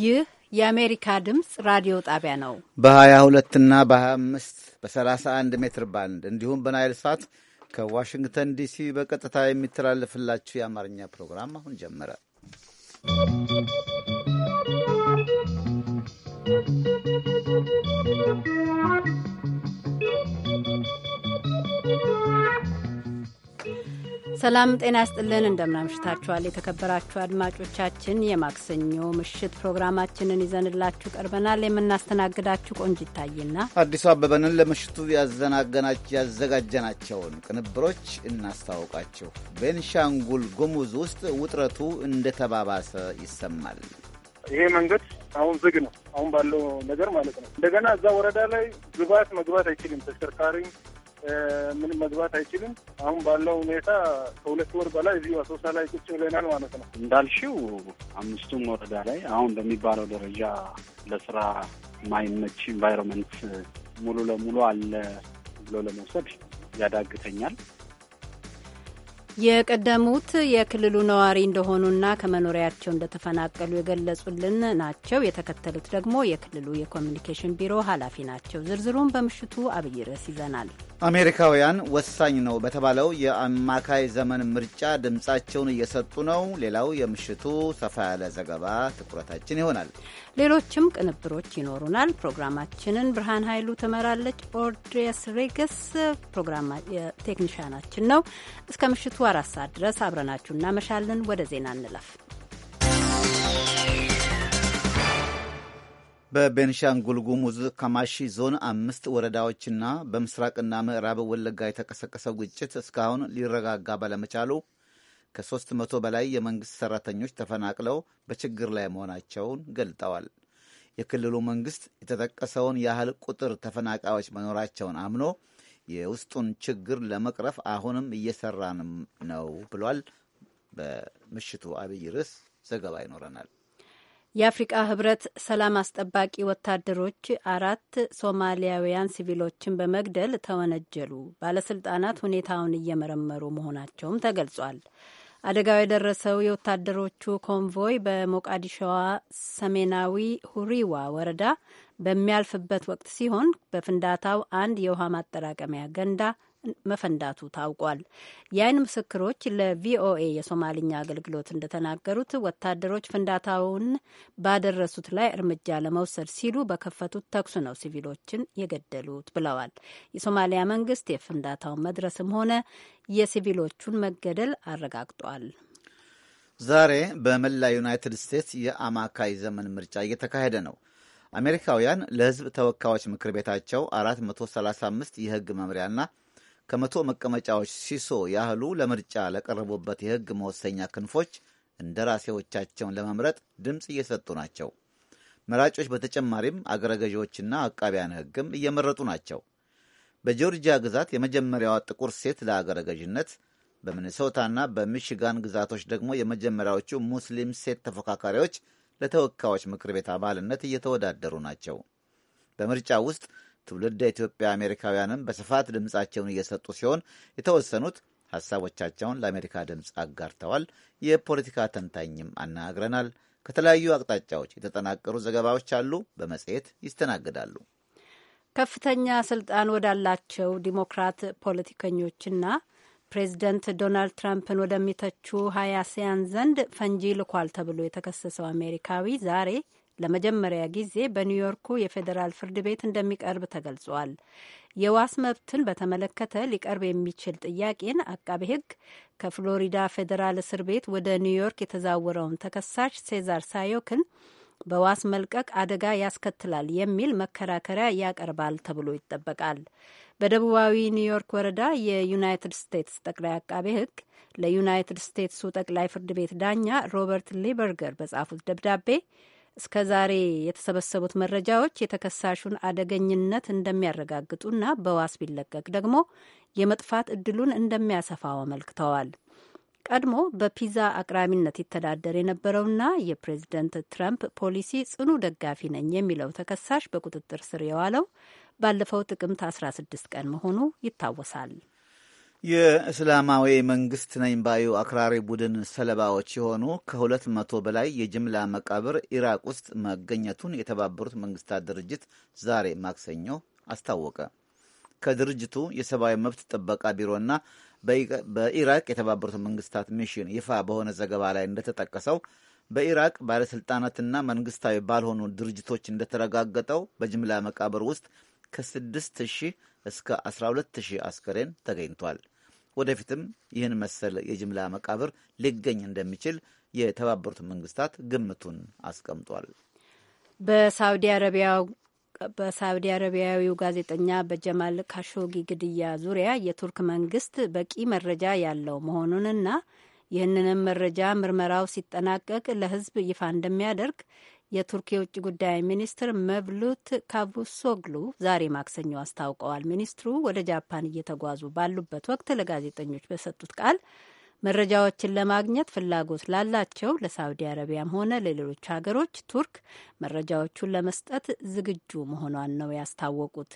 ይህ የአሜሪካ ድምፅ ራዲዮ ጣቢያ ነው። በ22 እና በ25 በ31 ሜትር ባንድ እንዲሁም በናይል ሳት ከዋሽንግተን ዲሲ በቀጥታ የሚተላለፍላችሁ የአማርኛ ፕሮግራም አሁን ጀመረ። ሰላም ጤና ያስጥልን። እንደምናምሽታችኋል የተከበራችሁ አድማጮቻችን፣ የማክሰኞ ምሽት ፕሮግራማችንን ይዘንላችሁ ቀርበናል። የምናስተናግዳችሁ ቆንጅ ይታይና አዲሱ አበበንን ለምሽቱ ያዘጋጀናቸውን ቅንብሮች እናስታውቃችሁ። ቤንሻንጉል ጉሙዝ ውስጥ ውጥረቱ እንደተባባሰ ይሰማል። ይሄ መንገድ አሁን ዝግ ነው፣ አሁን ባለው ነገር ማለት ነው። እንደገና እዛ ወረዳ ላይ ግባት መግባት አይችልም ተሽከርካሪም ምንም መግባት አይችልም። አሁን ባለው ሁኔታ ከሁለት ወር በላይ እዚሁ አሶሳ ላይ ቁጭ ብለናል ማለት ነው። እንዳልሽው አምስቱም ወረዳ ላይ አሁን በሚባለው ደረጃ ለስራ ማይመች ኢንቫይሮመንት ሙሉ ለሙሉ አለ ብሎ ለመውሰድ ያዳግተኛል። የቀደሙት የክልሉ ነዋሪ እንደሆኑና ከመኖሪያቸው እንደተፈናቀሉ የገለጹልን ናቸው። የተከተሉት ደግሞ የክልሉ የኮሚኒኬሽን ቢሮ ኃላፊ ናቸው። ዝርዝሩን በምሽቱ አብይ ርዕስ ይዘናል። አሜሪካውያን ወሳኝ ነው በተባለው የአማካይ ዘመን ምርጫ ድምፃቸውን እየሰጡ ነው። ሌላው የምሽቱ ሰፋ ያለ ዘገባ ትኩረታችን ይሆናል። ሌሎችም ቅንብሮች ይኖሩናል። ፕሮግራማችንን ብርሃን ኃይሉ ትመራለች። ኦርድሬስ ሬገስ ቴክኒሻናችን ነው። እስከ ምሽቱ አራት ሰዓት ድረስ አብረናችሁ እናመሻለን። ወደ ዜና እንለፍ። በቤንሻንጉል ጉሙዝ ከማሺ ዞን አምስት ወረዳዎችና በምስራቅና ምዕራብ ወለጋ የተቀሰቀሰው ግጭት እስካሁን ሊረጋጋ ባለመቻሉ ከሦስት መቶ በላይ የመንግሥት ሠራተኞች ተፈናቅለው በችግር ላይ መሆናቸውን ገልጠዋል። የክልሉ መንግሥት የተጠቀሰውን ያህል ቁጥር ተፈናቃዮች መኖራቸውን አምኖ የውስጡን ችግር ለመቅረፍ አሁንም እየሰራንም ነው ብሏል። በምሽቱ አብይ ርዕስ ዘገባ ይኖረናል። የአፍሪቃ ህብረት ሰላም አስጠባቂ ወታደሮች አራት ሶማሊያውያን ሲቪሎችን በመግደል ተወነጀሉ። ባለስልጣናት ሁኔታውን እየመረመሩ መሆናቸውም ተገልጿል። አደጋው የደረሰው የወታደሮቹ ኮንቮይ በሞቃዲሾዋ ሰሜናዊ ሁሪዋ ወረዳ በሚያልፍበት ወቅት ሲሆን በፍንዳታው አንድ የውሃ ማጠራቀሚያ ገንዳ መፈንዳቱ ታውቋል። የአይን ምስክሮች ለቪኦኤ የሶማልኛ አገልግሎት እንደተናገሩት ወታደሮች ፍንዳታውን ባደረሱት ላይ እርምጃ ለመውሰድ ሲሉ በከፈቱት ተኩስ ነው ሲቪሎችን የገደሉት ብለዋል። የሶማሊያ መንግስት የፍንዳታውን መድረስም ሆነ የሲቪሎቹን መገደል አረጋግጧል። ዛሬ በመላ ዩናይትድ ስቴትስ የአማካይ ዘመን ምርጫ እየተካሄደ ነው። አሜሪካውያን ለህዝብ ተወካዮች ምክር ቤታቸው 435 የህግ መምሪያና ከመቶ መቀመጫዎች ሲሶ ያህሉ ለምርጫ ለቀረቡበት የሕግ መወሰኛ ክንፎች እንደራሴዎቻቸውን ለመምረጥ ድምፅ እየሰጡ ናቸው። መራጮች በተጨማሪም አገረ ገዢዎችና አቃቢያን ሕግም እየመረጡ ናቸው። በጆርጂያ ግዛት የመጀመሪያዋ ጥቁር ሴት ለአገረ ገዥነት፣ በሚኒሶታና በሚሽጋን ግዛቶች ደግሞ የመጀመሪያዎቹ ሙስሊም ሴት ተፎካካሪዎች ለተወካዮች ምክር ቤት አባልነት እየተወዳደሩ ናቸው። በምርጫ ውስጥ ትውልደ ኢትዮጵያ አሜሪካውያንም በስፋት ድምፃቸውን እየሰጡ ሲሆን የተወሰኑት ሀሳቦቻቸውን ለአሜሪካ ድምፅ አጋርተዋል። የፖለቲካ ተንታኝም አናግረናል ከተለያዩ አቅጣጫዎች የተጠናቀሩ ዘገባዎች አሉ፣ በመጽሔት ይስተናግዳሉ። ከፍተኛ ስልጣን ወዳላቸው ዲሞክራት ፖለቲከኞችና ፕሬዚደንት ዶናልድ ትራምፕን ወደሚተቹ ሲያን ዘንድ ፈንጂ ልኳል ተብሎ የተከሰሰው አሜሪካዊ ዛሬ ለመጀመሪያ ጊዜ በኒውዮርኩ የፌዴራል ፍርድ ቤት እንደሚቀርብ ተገልጿል። የዋስ መብትን በተመለከተ ሊቀርብ የሚችል ጥያቄን አቃቤ ሕግ ከፍሎሪዳ ፌዴራል እስር ቤት ወደ ኒውዮርክ የተዛወረውን ተከሳሽ ሴዛር ሳዮክን በዋስ መልቀቅ አደጋ ያስከትላል የሚል መከራከሪያ ያቀርባል ተብሎ ይጠበቃል። በደቡባዊ ኒውዮርክ ወረዳ የዩናይትድ ስቴትስ ጠቅላይ አቃቤ ሕግ ለዩናይትድ ስቴትሱ ጠቅላይ ፍርድ ቤት ዳኛ ሮበርት ሊበርገር በጻፉት ደብዳቤ እስከ ዛሬ የተሰበሰቡት መረጃዎች የተከሳሹን አደገኝነት እንደሚያረጋግጡና በዋስ ቢለቀቅ ደግሞ የመጥፋት እድሉን እንደሚያሰፋው አመልክተዋል። ቀድሞ በፒዛ አቅራቢነት ይተዳደር የነበረውና የፕሬዝደንት ትራምፕ ፖሊሲ ጽኑ ደጋፊ ነኝ የሚለው ተከሳሽ በቁጥጥር ስር የዋለው ባለፈው ጥቅምት 16 ቀን መሆኑ ይታወሳል። የእስላማዊ መንግስት ነኝ ባዩ አክራሪ ቡድን ሰለባዎች የሆኑ ከሁለት መቶ በላይ የጅምላ መቃብር ኢራቅ ውስጥ መገኘቱን የተባበሩት መንግስታት ድርጅት ዛሬ ማክሰኞ አስታወቀ። ከድርጅቱ የሰብአዊ መብት ጥበቃ ቢሮና በኢራቅ የተባበሩት መንግስታት ሚሽን ይፋ በሆነ ዘገባ ላይ እንደተጠቀሰው በኢራቅ ባለሥልጣናትና መንግስታዊ ባልሆኑ ድርጅቶች እንደተረጋገጠው በጅምላ መቃብር ውስጥ ከስድስት ሺህ እስከ 120 አስከሬን ተገኝቷል። ወደፊትም ይህን መሰል የጅምላ መቃብር ሊገኝ እንደሚችል የተባበሩት መንግስታት ግምቱን አስቀምጧል። በሳውዲ አረቢያው በሳውዲ አረቢያዊው ጋዜጠኛ በጀማል ካሾጊ ግድያ ዙሪያ የቱርክ መንግስት በቂ መረጃ ያለው መሆኑንና ይህንንም መረጃ ምርመራው ሲጠናቀቅ ለሕዝብ ይፋ እንደሚያደርግ የቱርክ የውጭ ጉዳይ ሚኒስትር መብሉት ካቡሶግሉ ዛሬ ማክሰኞ አስታውቀዋል። ሚኒስትሩ ወደ ጃፓን እየተጓዙ ባሉበት ወቅት ለጋዜጠኞች በሰጡት ቃል መረጃዎችን ለማግኘት ፍላጎት ላላቸው ለሳውዲ አረቢያም ሆነ ለሌሎች ሀገሮች ቱርክ መረጃዎቹን ለመስጠት ዝግጁ መሆኗን ነው ያስታወቁት።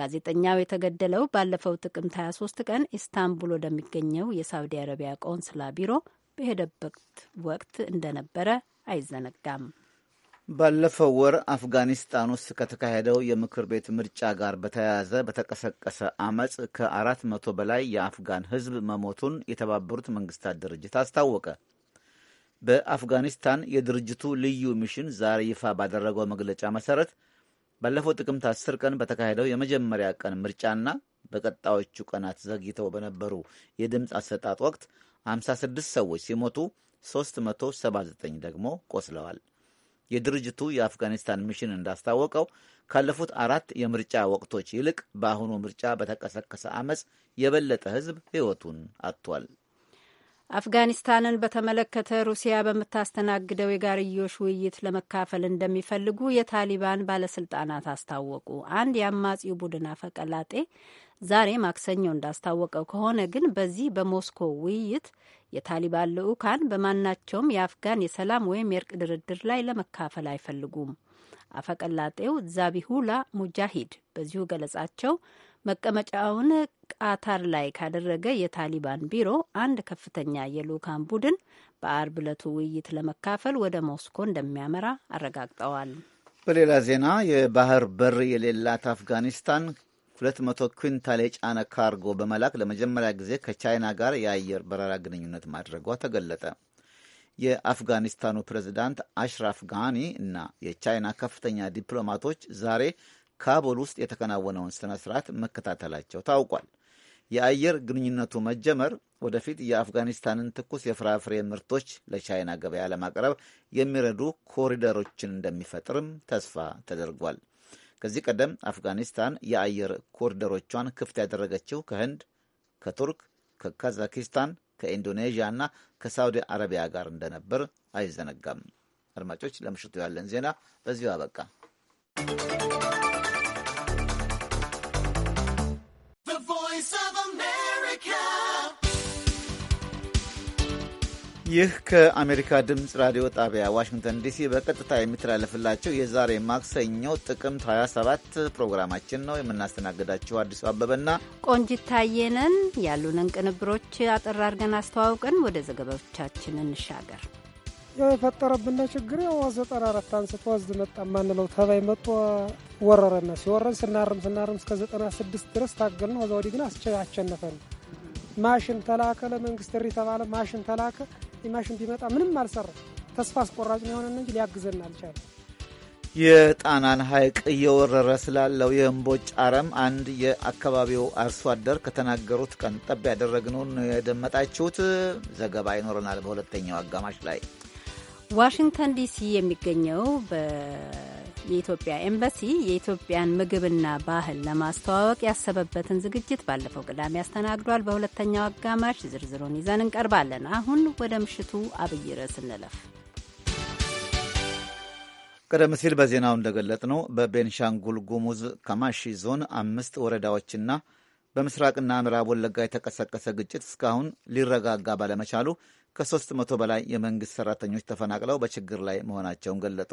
ጋዜጠኛው የተገደለው ባለፈው ጥቅምት 23 ቀን ኢስታንቡል ወደሚገኘው የሳውዲ አረቢያ ቆንስላ ቢሮ በሄደበት ወቅት እንደነበረ አይዘነጋም። ባለፈው ወር አፍጋኒስታን ውስጥ ከተካሄደው የምክር ቤት ምርጫ ጋር በተያያዘ በተቀሰቀሰ አመፅ ከአራት መቶ በላይ የአፍጋን ሕዝብ መሞቱን የተባበሩት መንግስታት ድርጅት አስታወቀ። በአፍጋኒስታን የድርጅቱ ልዩ ሚሽን ዛሬ ይፋ ባደረገው መግለጫ መሰረት ባለፈው ጥቅምት አስር ቀን በተካሄደው የመጀመሪያ ቀን ምርጫና በቀጣዮቹ ቀናት ዘግይተው በነበሩ የድምፅ አሰጣጥ ወቅት 56 ሰዎች ሲሞቱ 379 ደግሞ ቆስለዋል። የድርጅቱ የአፍጋኒስታን ሚሽን እንዳስታወቀው ካለፉት አራት የምርጫ ወቅቶች ይልቅ በአሁኑ ምርጫ በተቀሰቀሰ አመፅ የበለጠ ህዝብ ህይወቱን አጥቷል። አፍጋኒስታንን በተመለከተ ሩሲያ በምታስተናግደው የጋርዮሽ ውይይት ለመካፈል እንደሚፈልጉ የታሊባን ባለስልጣናት አስታወቁ። አንድ የአማጺው ቡድን አፈቀላጤ ዛሬ ማክሰኞ እንዳስታወቀው ከሆነ ግን በዚህ በሞስኮ ውይይት የታሊባን ልዑካን በማናቸውም የአፍጋን የሰላም ወይም የእርቅ ድርድር ላይ ለመካፈል አይፈልጉም። አፈቀላጤው ዛቢሁላ ሙጃሂድ በዚሁ ገለጻቸው መቀመጫውን ቃታር ላይ ካደረገ የታሊባን ቢሮ አንድ ከፍተኛ የልዑካን ቡድን በአርብ ዕለቱ ውይይት ለመካፈል ወደ ሞስኮ እንደሚያመራ አረጋግጠዋል። በሌላ ዜና የባህር በር የሌላት አፍጋኒስታን 200 ኩንታል የጫነ ካርጎ በመላክ ለመጀመሪያ ጊዜ ከቻይና ጋር የአየር በረራ ግንኙነት ማድረጓ ተገለጠ። የአፍጋኒስታኑ ፕሬዚዳንት አሽራፍ ጋኒ እና የቻይና ከፍተኛ ዲፕሎማቶች ዛሬ ካቡል ውስጥ የተከናወነውን ስነ ስርዓት መከታተላቸው ታውቋል። የአየር ግንኙነቱ መጀመር ወደፊት የአፍጋኒስታንን ትኩስ የፍራፍሬ ምርቶች ለቻይና ገበያ ለማቅረብ የሚረዱ ኮሪደሮችን እንደሚፈጥርም ተስፋ ተደርጓል። ከዚህ ቀደም አፍጋኒስታን የአየር ኮሪደሮቿን ክፍት ያደረገችው ከህንድ፣ ከቱርክ፣ ከካዛኪስታን፣ ከኢንዶኔዥያ እና ከሳውዲ አረቢያ ጋር እንደነበር አይዘነጋም። አድማጮች፣ ለምሽቱ ያለን ዜና በዚሁ አበቃ። ይህ ከአሜሪካ ድምፅ ራዲዮ ጣቢያ ዋሽንግተን ዲሲ በቀጥታ የሚተላለፍላቸው የዛሬ ማክሰኞ ጥቅምት 27 ፕሮግራማችን ነው። የምናስተናግዳችሁ አዲሱ አበበና ቆንጂት ታየነን ያሉንን ቅንብሮች አጠር አድርገን አስተዋውቀን ወደ ዘገባዎቻችን እንሻገር። የፈጠረብን ችግር ያው ዘጠና አራት አንስቶ ወዝድ መጣ ማንለው ተባይ መጥቶ ወረረና ሲወረን ስናርም ስናርም እስከ ዘጠና ስድስት ድረስ ታገል ነው። ከዛ ወዲህ ግን አስቸነፈን። ማሽን ተላከ ማሽን ቢመጣ ምንም አልሰራ፣ ተስፋ አስቆራጭ የሆነ እንጂ ሊያግዘን አልቻለ። የጣናን ሐይቅ እየወረረ ስላለው የእምቦጭ አረም አንድ የአካባቢው አርሶ አደር ከተናገሩት ቀንጠብ ያደረግነውን የደመጣችሁት። ዘገባ ይኖረናል በሁለተኛው አጋማሽ ላይ። ዋሽንግተን ዲሲ የሚገኘው የኢትዮጵያ ኤምባሲ የኢትዮጵያን ምግብና ባህል ለማስተዋወቅ ያሰበበትን ዝግጅት ባለፈው ቅዳሜ አስተናግዷል። በሁለተኛው አጋማሽ ዝርዝሩን ይዘን እንቀርባለን። አሁን ወደ ምሽቱ አብይ ርዕስ እንለፍ። ቀደም ሲል በዜናው እንደገለጥ ነው በቤንሻንጉል ጉሙዝ ከማሺ ዞን አምስት ወረዳዎችና በምስራቅና ምዕራብ ወለጋ የተቀሰቀሰ ግጭት እስካሁን ሊረጋጋ ባለመቻሉ ከሶስት መቶ በላይ የመንግሥት ሠራተኞች ተፈናቅለው በችግር ላይ መሆናቸውን ገለጡ።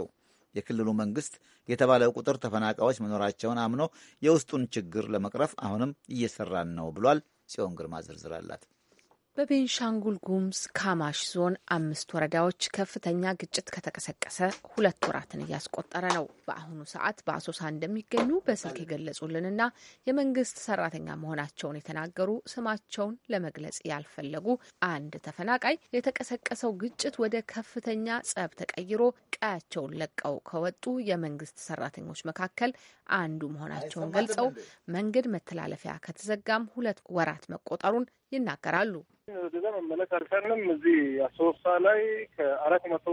የክልሉ መንግስት የተባለው ቁጥር ተፈናቃዮች መኖራቸውን አምኖ የውስጡን ችግር ለመቅረፍ አሁንም እየሰራን ነው ብሏል። ጽዮን ግርማ ዝርዝር አላት። በቤንሻንጉል ጉምዝ ካማሽ ዞን አምስት ወረዳዎች ከፍተኛ ግጭት ከተቀሰቀሰ ሁለት ወራትን እያስቆጠረ ነው። በአሁኑ ሰዓት በአሶሳ እንደሚገኙ በስልክ የገለጹልንና የመንግስት ሰራተኛ መሆናቸውን የተናገሩ ስማቸውን ለመግለጽ ያልፈለጉ አንድ ተፈናቃይ የተቀሰቀሰው ግጭት ወደ ከፍተኛ ጸብ ተቀይሮ ቀያቸውን ለቀው ከወጡ የመንግስት ሰራተኞች መካከል አንዱ መሆናቸውን ገልጸው መንገድ መተላለፊያ ከተዘጋም ሁለት ወራት መቆጠሩን ይናገራሉ። ወደዛ መመለስ አልቻልንም። እዚህ አሶሳ ላይ ከአራት መቶ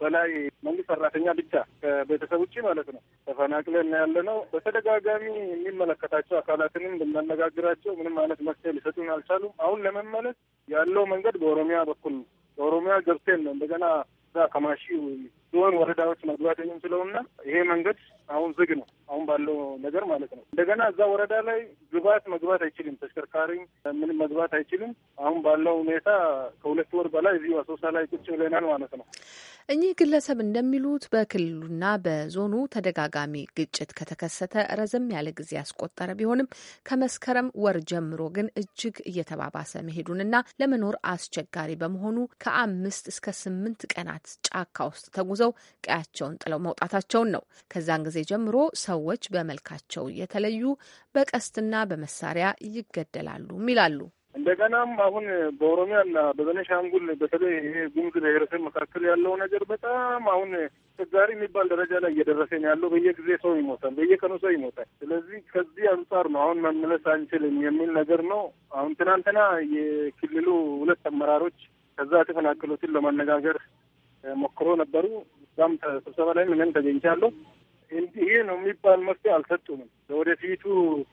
በላይ መንግስት ሰራተኛ ብቻ ከቤተሰብ ውጭ ማለት ነው ተፈናቅለን ያለ ነው። በተደጋጋሚ የሚመለከታቸው አካላትንም ብናነጋግራቸው ምንም አይነት መፍትሄ ሊሰጡን አልቻሉም። አሁን ለመመለስ ያለው መንገድ በኦሮሚያ በኩል በኦሮሚያ ገብቴን ነው እንደገና ከማሺ ዞን ወረዳዎች መግባት የምንችለውና ይሄ መንገድ አሁን ዝግ ነው። አሁን ባለው ነገር ማለት ነው። እንደገና እዛ ወረዳ ላይ ግባት መግባት አይችልም። ተሽከርካሪ ምንም መግባት አይችልም። አሁን ባለው ሁኔታ ከሁለት ወር በላይ እዚሁ አሶሳ ላይ ቁጭ ብለናል ማለት ነው። እኚህ ግለሰብ እንደሚሉት በክልሉና በዞኑ ተደጋጋሚ ግጭት ከተከሰተ ረዘም ያለ ጊዜ ያስቆጠረ ቢሆንም ከመስከረም ወር ጀምሮ ግን እጅግ እየተባባሰ መሄዱንና ለመኖር አስቸጋሪ በመሆኑ ከአምስት እስከ ስምንት ቀናት ጫካ ውስጥ ተጉዘ ተመርኩዘው ቀያቸውን ጥለው መውጣታቸውን ነው። ከዛን ጊዜ ጀምሮ ሰዎች በመልካቸው እየተለዩ በቀስትና በመሳሪያ ይገደላሉም ይላሉ። እንደገናም አሁን በኦሮሚያ እና በቤኒሻንጉል በተለይ ይሄ ጉሙዝ ብሔረሰብ መካከል ያለው ነገር በጣም አሁን አስቸጋሪ የሚባል ደረጃ ላይ እየደረሰ ነው ያለው። በየጊዜ ሰው ይሞታል፣ በየቀኑ ሰው ይሞታል። ስለዚህ ከዚህ አንጻር ነው አሁን መመለስ አንችልም የሚል ነገር ነው። አሁን ትናንትና የክልሉ ሁለት አመራሮች ከዛ የተፈናቀሉትን ለማነጋገር ሞክሮ ነበሩ። እዛም ስብሰባ ላይ ምንም ተገኝቻለሁ። ይህ ነው የሚባል መፍትሄ አልሰጡንም። ለወደፊቱ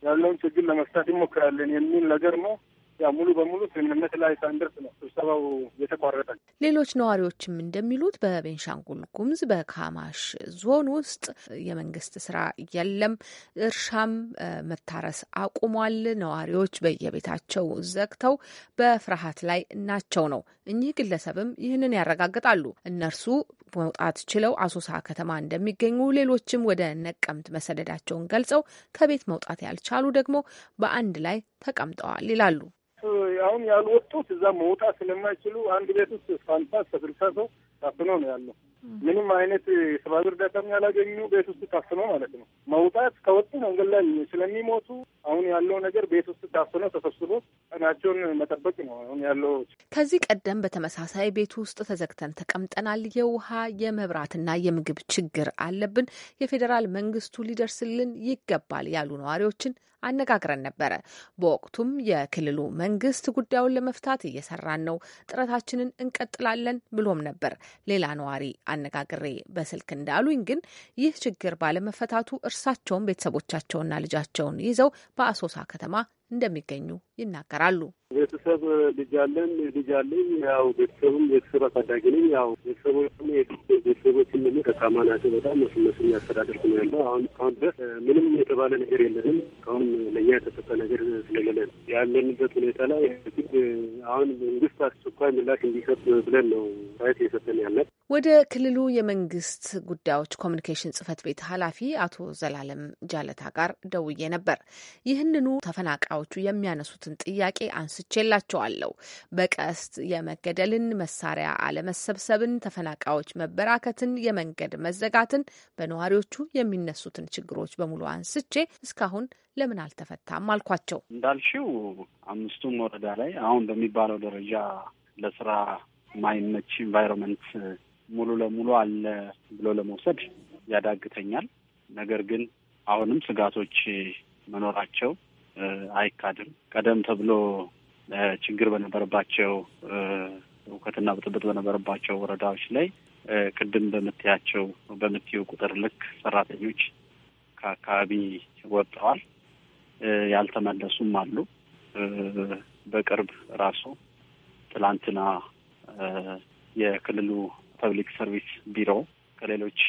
ያለውን ችግር ለመፍታት ይሞክራለን የሚል ነገር ነው። ያው ሙሉ በሙሉ ስምምነት ላይ ሳንደርስ ነው ስብሰባው የተቋረጠ። ሌሎች ነዋሪዎችም እንደሚሉት በቤንሻንጉል ጉሙዝ በካማሽ ዞን ውስጥ የመንግስት ስራ የለም፣ እርሻም መታረስ አቁሟል። ነዋሪዎች በየቤታቸው ዘግተው በፍርሃት ላይ ናቸው ነው። እኚህ ግለሰብም ይህንን ያረጋግጣሉ። እነርሱ መውጣት ችለው አሶሳ ከተማ እንደሚገኙ፣ ሌሎችም ወደ ነቀምት መሰደዳቸውን ገልጸው ከቤት መውጣት ያልቻሉ ደግሞ በአንድ ላይ ተቀምጠዋል ይላሉ። አሁን ያልወጡት እዛ መውጣት ስለማይችሉ አንድ ቤት ውስጥ እስከ ሃምሳ እስከ ስልሳ ሰው ታፍኖ ነው ያለው። ምንም አይነት የሰብአዊ እርዳታም ያላገኙ ቤት ውስጥ ታፍኖ ማለት ነው። መውጣት ከወጡ መንገድ ላይ ስለሚሞቱ አሁን ያለው ነገር ቤት ውስጥ ታፍኖ ተሰብስቦ ቀናቸውን መጠበቅ ነው አሁን ያለው። ከዚህ ቀደም በተመሳሳይ ቤት ውስጥ ተዘግተን ተቀምጠናል። የውሃ የመብራትና የምግብ ችግር አለብን። የፌዴራል መንግስቱ ሊደርስልን ይገባል ያሉ ነዋሪዎችን አነጋግረን ነበረ። በወቅቱም የክልሉ መንግስት ጉዳዩን ለመፍታት እየሰራን ነው፣ ጥረታችንን እንቀጥላለን ብሎም ነበር። ሌላ ነዋሪ አነጋግሬ በስልክ እንዳሉኝ ግን ይህ ችግር ባለመፈታቱ እርሳቸውን ቤተሰቦቻቸውና ልጃቸውን ይዘው በአሶሳ ከተማ እንደሚገኙ ይናገራሉ። ቤተሰብ ልጅ አለን ልጅ አለኝ። ያው ቤተሰብም ቤተሰብ አሳዳጊ ነኝ። ያው ቤተሰቦችም ቤተሰቦች ምን ደካማ ናቸው። በጣም መስመስ ያስተዳደርኩ ነው ያለው። አሁን አሁን ድረስ ምንም የተባለ ነገር የለንም። እስካሁን ለእኛ የተሰጠ ነገር ስለሌለ ያለንበት ሁኔታ ላይ ግድ አሁን መንግስት አስቸኳይ ምላሽ እንዲሰጥ ብለን ነው ራይት የሰጠን ያለን። ወደ ክልሉ የመንግስት ጉዳዮች ኮሚኒኬሽን ጽህፈት ቤት ኃላፊ አቶ ዘላለም ጃለታ ጋር ደውዬ ነበር። ይህንኑ ተፈናቃ ባለሙያዎቹ የሚያነሱትን ጥያቄ አንስቼላቸዋለሁ። በቀስት የመገደልን፣ መሳሪያ አለመሰብሰብን፣ ተፈናቃዮች መበራከትን፣ የመንገድ መዘጋትን፣ በነዋሪዎቹ የሚነሱትን ችግሮች በሙሉ አንስቼ እስካሁን ለምን አልተፈታም አልኳቸው። እንዳልሽው አምስቱም ወረዳ ላይ አሁን በሚባለው ደረጃ ለስራ ማይመች ኢንቫይሮንመንት ሙሉ ለሙሉ አለ ብሎ ለመውሰድ ያዳግተኛል። ነገር ግን አሁንም ስጋቶች መኖራቸው አይካድም። ቀደም ተብሎ ችግር በነበረባቸው እውከትና ብጥብጥ በነበረባቸው ወረዳዎች ላይ ቅድም በምትያቸው በምትዩ ቁጥር ልክ ሰራተኞች ከአካባቢ ወጥተዋል። ያልተመለሱም አሉ። በቅርብ ራሱ ትላንትና የክልሉ ፐብሊክ ሰርቪስ ቢሮ ከሌሎች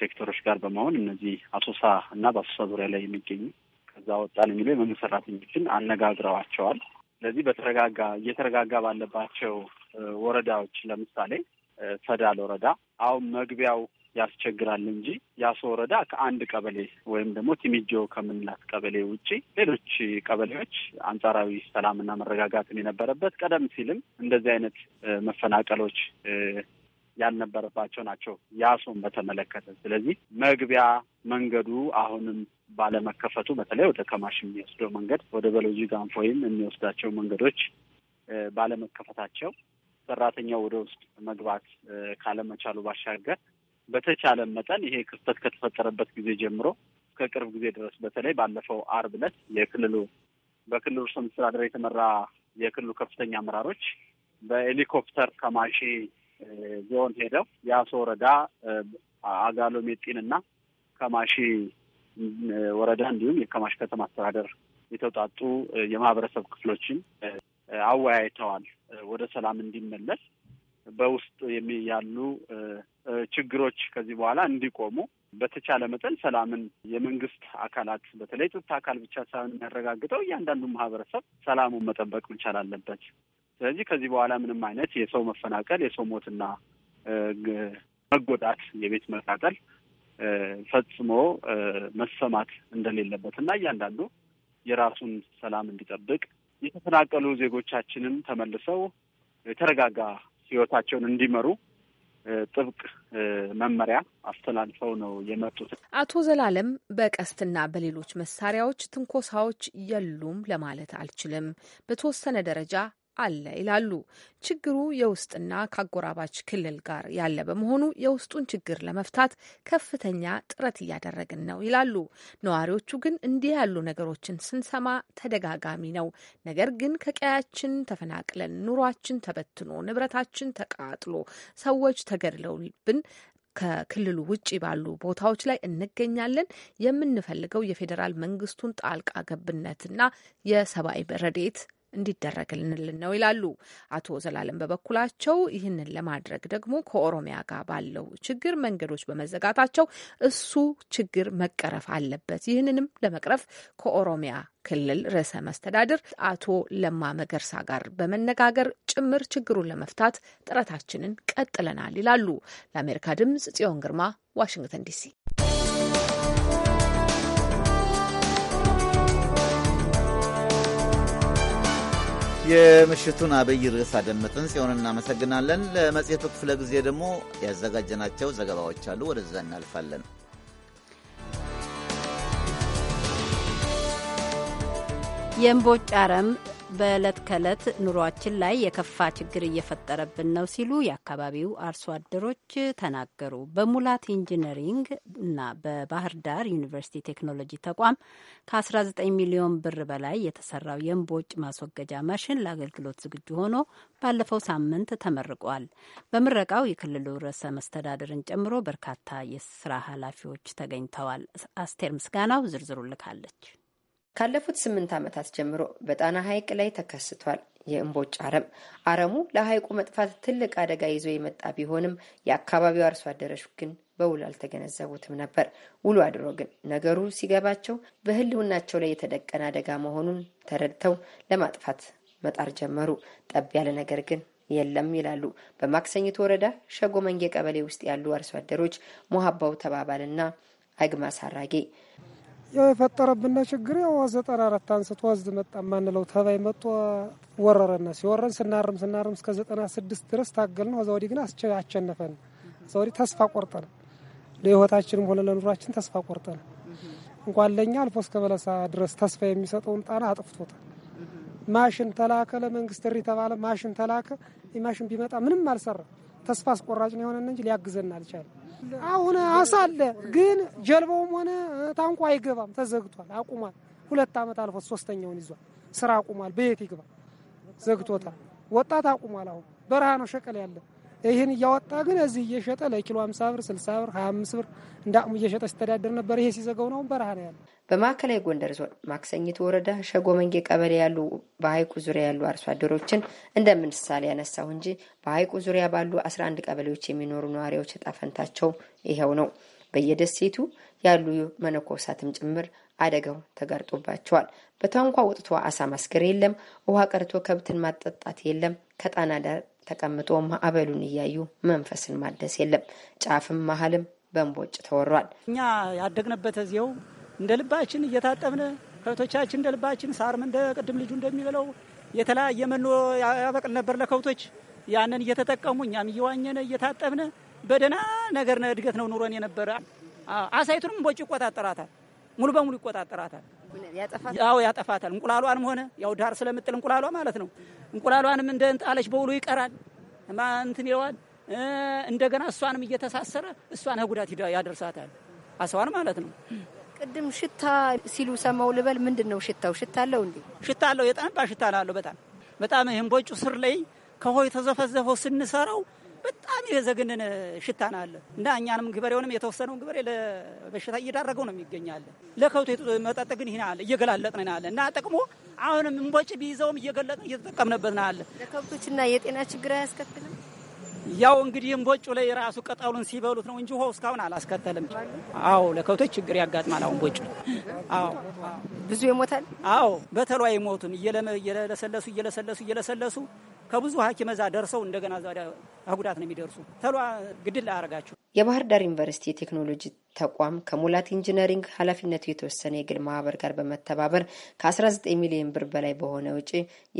ሴክተሮች ጋር በመሆን እነዚህ አሶሳ እና በአሶሳ ዙሪያ ላይ የሚገኙ ከዛ ወጣን የሚሉ የመንግስት ሰራተኞችን አነጋግረዋቸዋል። ስለዚህ በተረጋጋ እየተረጋጋ ባለባቸው ወረዳዎች ለምሳሌ ፈዳል ወረዳ አሁን መግቢያው ያስቸግራል እንጂ ያሶ ወረዳ ከአንድ ቀበሌ ወይም ደግሞ ቲሚጆ ከምንላት ቀበሌ ውጪ ሌሎች ቀበሌዎች አንጻራዊ ሰላምና መረጋጋትን የነበረበት ቀደም ሲልም እንደዚህ አይነት መፈናቀሎች ያልነበረባቸው ናቸው። ያሱን በተመለከተ ስለዚህ መግቢያ መንገዱ አሁንም ባለመከፈቱ በተለይ ወደ ከማሽ የሚወስደው መንገድ ወደ በሎጂ ጋንፎ ወይም የሚወስዳቸው መንገዶች ባለመከፈታቸው ሰራተኛው ወደ ውስጥ መግባት ካለመቻሉ ባሻገር በተቻለ መጠን ይሄ ክፍተት ከተፈጠረበት ጊዜ ጀምሮ እስከ ቅርብ ጊዜ ድረስ በተለይ ባለፈው አርብ ዕለት የክልሉ በክልሉ ርዕሰ መስተዳድር የተመራ የክልሉ ከፍተኛ አመራሮች በሄሊኮፕተር ከማሼ ዞን ሄደው የአሶ ወረዳ አጋሎ ሜጢን እና ከማሺ ወረዳ እንዲሁም የከማሽ ከተማ አስተዳደር የተውጣጡ የማህበረሰብ ክፍሎችን አወያይተዋል። ወደ ሰላም እንዲመለስ በውስጥ ያሉ ችግሮች ከዚህ በኋላ እንዲቆሙ በተቻለ መጠን ሰላምን የመንግስት አካላት በተለይ ጸጥታ አካል ብቻ ሳይሆን የሚያረጋግጠው እያንዳንዱ ማህበረሰብ ሰላሙን መጠበቅ መቻል አለበት። ስለዚህ ከዚህ በኋላ ምንም አይነት የሰው መፈናቀል፣ የሰው ሞትና መጎዳት፣ የቤት መቃጠል ፈጽሞ መሰማት እንደሌለበት እና እያንዳንዱ የራሱን ሰላም እንዲጠብቅ የተፈናቀሉ ዜጎቻችንም ተመልሰው የተረጋጋ ህይወታቸውን እንዲመሩ ጥብቅ መመሪያ አስተላልፈው ነው የመጡት። አቶ ዘላለም በቀስትና በሌሎች መሳሪያዎች ትንኮሳዎች የሉም ለማለት አልችልም። በተወሰነ ደረጃ አለ ይላሉ። ችግሩ የውስጥና ከአጎራባች ክልል ጋር ያለ በመሆኑ የውስጡን ችግር ለመፍታት ከፍተኛ ጥረት እያደረግን ነው ይላሉ። ነዋሪዎቹ ግን እንዲህ ያሉ ነገሮችን ስንሰማ ተደጋጋሚ ነው። ነገር ግን ከቀያችን ተፈናቅለን ኑሯችን ተበትኖ ንብረታችን ተቃጥሎ ሰዎች ተገድለውብን ከክልሉ ውጭ ባሉ ቦታዎች ላይ እንገኛለን። የምንፈልገው የፌዴራል መንግስቱን ጣልቃ ገብነትና የሰብአዊ ረዴት እንዲደረግልንልን ነው ይላሉ። አቶ ዘላለም በበኩላቸው ይህንን ለማድረግ ደግሞ ከኦሮሚያ ጋር ባለው ችግር መንገዶች በመዘጋታቸው እሱ ችግር መቀረፍ አለበት። ይህንንም ለመቅረፍ ከኦሮሚያ ክልል ርዕሰ መስተዳድር አቶ ለማ መገርሳ ጋር በመነጋገር ጭምር ችግሩን ለመፍታት ጥረታችንን ቀጥለናል ይላሉ። ለአሜሪካ ድምጽ ጽዮን ግርማ ዋሽንግተን ዲሲ የምሽቱን አብይ ርዕስ አደመጥን። ጽዮን እናመሰግናለን። ለመጽሔቱ ክፍለ ጊዜ ደግሞ ያዘጋጀናቸው ዘገባዎች አሉ። ወደዛ እናልፋለን። የእምቦጭ አረም በዕለት ከዕለት ኑሯችን ላይ የከፋ ችግር እየፈጠረብን ነው ሲሉ የአካባቢው አርሶ አደሮች ተናገሩ። በሙላት ኢንጂነሪንግ እና በባህር ዳር ዩኒቨርሲቲ ቴክኖሎጂ ተቋም ከ19 ሚሊዮን ብር በላይ የተሰራው የእምቦጭ ማስወገጃ ማሽን ለአገልግሎት ዝግጁ ሆኖ ባለፈው ሳምንት ተመርቋል። በምረቃው የክልሉ ርዕሰ መስተዳድርን ጨምሮ በርካታ የስራ ኃላፊዎች ተገኝተዋል። አስቴር ምስጋናው ዝርዝሩ ልካለች። ካለፉት ስምንት ዓመታት ጀምሮ በጣና ሐይቅ ላይ ተከስቷል። የእምቦጭ አረም አረሙ ለሐይቁ መጥፋት ትልቅ አደጋ ይዞ የመጣ ቢሆንም የአካባቢው አርሶ አደሮች ግን በውል አልተገነዘቡትም ነበር። ውሎ አድሮ ግን ነገሩ ሲገባቸው በሕልውናቸው ላይ የተደቀነ አደጋ መሆኑን ተረድተው ለማጥፋት መጣር ጀመሩ። ጠብ ያለ ነገር ግን የለም ይላሉ በማክሰኝት ወረዳ ሸጎ መንጌ ቀበሌ ውስጥ ያሉ አርሶ አደሮች ሞሀባው ተባባልና አግማ ሳራጌ ያው የፈጠረብና ችግር ያው ዘጠና አራት አንስቶ ወዝድ መጣ ማንለው ተባይ መጥቶ ወረረና ሲወረን ስናርም ስናርም እስከ ዘጠና ስድስት ድረስ ታገል ነው። እዛ ወዲህ ግን አሸነፈን። እዛ ወዲህ ተስፋ ቆርጠን ለህይወታችንም ሆነ ለኑሯችን ተስፋ ቆርጠን እንኳን ለእኛ አልፎ እስከ በለሳ ድረስ ተስፋ የሚሰጠውን ጣና አጥፍቶታል። ማሽን ተላከ፣ ለመንግስት እሪ ተባለ፣ ማሽን ተላከ። ማሽን ቢመጣ ምንም አልሰራ። ተስፋ አስቆራጭ ነው የሆነን እንጂ ሊያግዘን አልቻለም። አሁን አሳ አለ፣ ግን ጀልባውም ሆነ ታንኳ አይገባም። ተዘግቷል፣ አቁሟል። ሁለት ዓመት አልፎ ሶስተኛውን ይዟል። ስራ አቁሟል። በየት ይግባ? ዘግቶታል። ወጣት አቁሟል። አሁን በረሃ ነው ሸቀል ያለ ይህን እያወጣ ግን እዚህ እየሸጠ ለኪሎ 50 ብር 60 ብር 25 ብር እንደ አቅሙ እየሸጠ ሲተዳደር ነበር። ይሄ ሲዘገው ነው በረሃ ነው ያለ። በማዕከላዊ ጎንደር ዞን ማክሰኝት ወረዳ ሸጎ መንጌ ቀበሌ ያሉ በሐይቁ ዙሪያ ያሉ አርሶ አደሮችን እንደ ምሳሌ እንጂ በሐይቁ ዙሪያ ባሉ አስራ አንድ ቀበሌዎች የሚኖሩ ነዋሪዎች ጣፈንታቸው ፈንታቸው ይኸው ነው። በየደሴቱ ያሉ መነኮሳትም ጭምር አደጋው ተጋርጦባቸዋል። በታንኳ ወጥቶ አሳ ማስገር የለም፣ ውሃ ቀርቶ ከብትን ማጠጣት የለም፣ ከጣና ዳር ተቀምጦ ማዕበሉን እያዩ መንፈስን ማደስ የለም። ጫፍም መሀልም በእንቦጭ ተወሯል። እኛ ያደግንበት እዚው እንደ ልባችን እየታጠብን ከብቶቻችን እንደ ልባችን ሳርም እንደ ቅድም ልጁ እንደሚበለው የተለያየ መኖ ያበቅል ነበር ለከብቶች። ያንን እየተጠቀሙ እኛም እየዋኘን እየታጠብን በደህና ነገር እድገት ነው ኑሮን የነበረ። አሳይቱንም ቦጭ ይቆጣጠራታል፣ ሙሉ በሙሉ ይቆጣጠራታል። ያው ያጠፋታል። እንቁላሏንም ሆነ ያው ዳር ስለምጥል እንቁላሏ ማለት ነው። እንቁላሏንም እንደ እንጣለች በውሉ ይቀራል፣ እንትን ይለዋል። እንደገና እሷንም እየተሳሰረ እሷን ጉዳት ያደርሳታል፣ አሳዋን ማለት ነው። ቅድም ሽታ ሲሉ ሰማው ልበል፣ ምንድን ነው ሽታው? ሽታ አለው እንዴ? ሽታ አለው፣ የጣንባ ሽታ አለው። በጣም በጣም ይህም ቦጩ ስር ላይ ከሆይ ተዘፈዘፈው ስንሰራው በጣም የዘግንን ሽታ ነው አለ እና እኛንም ግበሬውንም የተወሰነውን ግበሬ ለበሽታ እየዳረገው ነው የሚገኛለ። ለከብቱ መጠጥ ግን ይህን አለ እየገላለጥ ነው አለ እና ጠቅሞ አሁንም እንቦጭ ቢይዘውም እየገለጥ እየተጠቀምንበት ነው አለ። ለከብቶችና የጤና ችግር አያስከትልም ያው እንግዲህ እምቦጩ ላይ ራሱ ቅጠሉን ሲበሉት ነው እንጂ ውሃው እስካሁን አላስከተልም። አዎ ለከብቶች ችግር ያጋጥማል። አሁን ቦጩ አዎ ብዙ ይሞታል። አዎ በተለይ አይሞቱም። እየለሰለሱ እየለሰለሱ እየለሰለሱ ከብዙ ሐኪም እዛ ደርሰው እንደገና ዛ አጉዳት ነው የሚደርሱ ተሏ ግድል አያደርጋቸው የባህር ዳር ዩኒቨርሲቲ የቴክኖሎጂ ተቋም ከሙላት ኢንጂነሪንግ ኃላፊነቱ የተወሰነ የግል ማህበር ጋር በመተባበር ከ19 ሚሊዮን ብር በላይ በሆነ ውጪ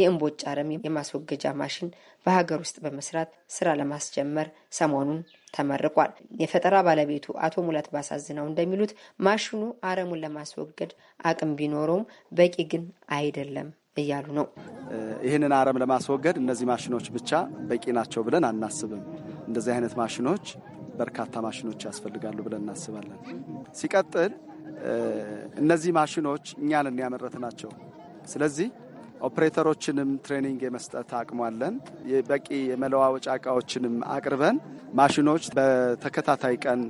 የእምቦጭ አረም የማስወገጃ ማሽን በሀገር ውስጥ በመስራት ስራ ለማስጀመር ሰሞኑን ተመርቋል። የፈጠራ ባለቤቱ አቶ ሙላት ባሳዝነው እንደሚሉት ማሽኑ አረሙን ለማስወገድ አቅም ቢኖረውም በቂ ግን አይደለም እያሉ ነው። ይህንን አረም ለማስወገድ እነዚህ ማሽኖች ብቻ በቂ ናቸው ብለን አናስብም። እንደዚህ አይነት ማሽኖች በርካታ ማሽኖች ያስፈልጋሉ ብለን እናስባለን። ሲቀጥል እነዚህ ማሽኖች እኛን ያመረት ናቸው። ስለዚህ ኦፕሬተሮችንም ትሬኒንግ የመስጠት አቅሟለን። በቂ የመለዋወጫ እቃዎችንም አቅርበን ማሽኖች በተከታታይ ቀን